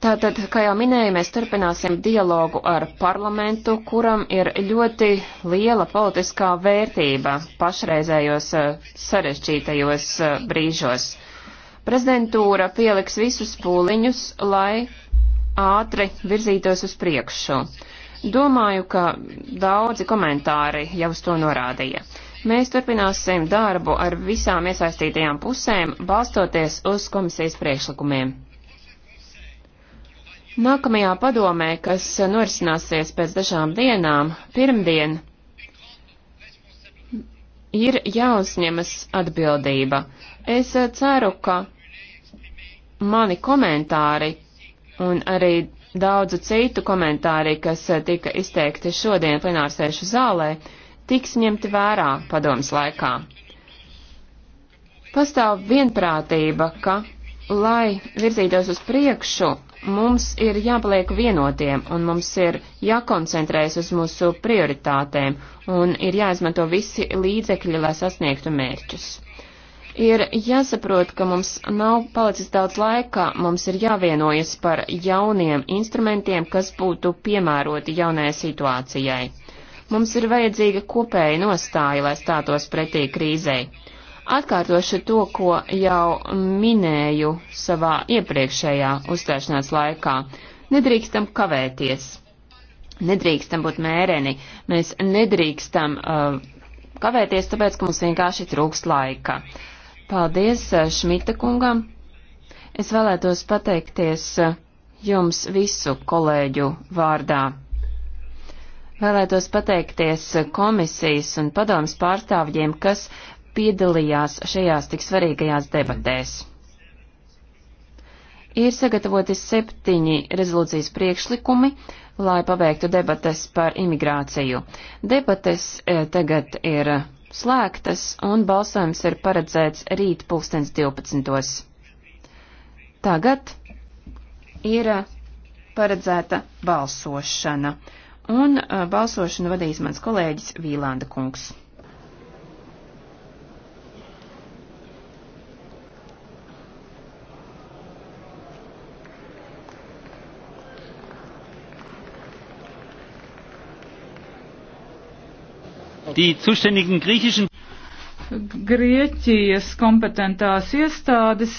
Tātad, kā jau minēju, mēs turpināsim dialogu ar parlamentu, kuram ir ļoti liela politiskā vērtība pašreizējos eh, sarežģītajos eh, brīžos. Prezidentūra pieliks visus pūliņus, lai ātri virzītos uz priekšu. Domāju, ka daudzi komentāri jau uz to norādīja. Mēs turpināsim darbu ar visām iesaistītajām pusēm, balstoties uz komisijas priekšlikumiem. Nākamajā padomē, kas norisināsies pēc dažām dienām, pirmdien, ir jāuzņemas atbildība. Es ceru, ka mani komentāri un arī daudzu citu komentāri, kas tika izteikti šodien plenārsēšu zālē, tiks ņemti vērā padomas laikā. Pastāv vienprātība, ka, lai virzītos uz priekšu, Mums ir jāpaliek vienotiem un mums ir jākoncentrējas uz mūsu prioritātēm un ir jāizmanto visi līdzekļi, lai sasniegtu mērķus. Ir jāsaprot, ka mums nav palicis daudz laika, mums ir jāvienojas par jauniem instrumentiem, kas būtu piemēroti jaunajai situācijai. Mums ir vajadzīga kopēja nostāja, lai stātos pretī krīzei. Atkārtošu to, ko jau minēju savā iepriekšējā uzstāšanās laikā. Nedrīkstam kavēties. Nedrīkstam būt mēreni. Mēs nedrīkstam uh, kavēties, tāpēc, ka mums vienkārši trūkst laika. Paldies uh, Šmita kungam. Es vēlētos pateikties uh, jums visu kolēģu vārdā. Vēlētos pateikties uh, komisijas un padomas pārstāvjiem, kas piedalījās šajās tik svarīgajās debatēs. Ir sagatavoti septiņi rezolūcijas priekšlikumi, lai pabeigtu debates par imigrāciju. Debates e, tagad ir slēgtas un balsojums ir paredzēts rīt pulkstens 12. Tagad ir paredzēta balsošana, un e, balsošanu vadīs mans kolēģis Vīlanda kungs. Die zuständigen griechischen Grieķijas kompetentās iestādes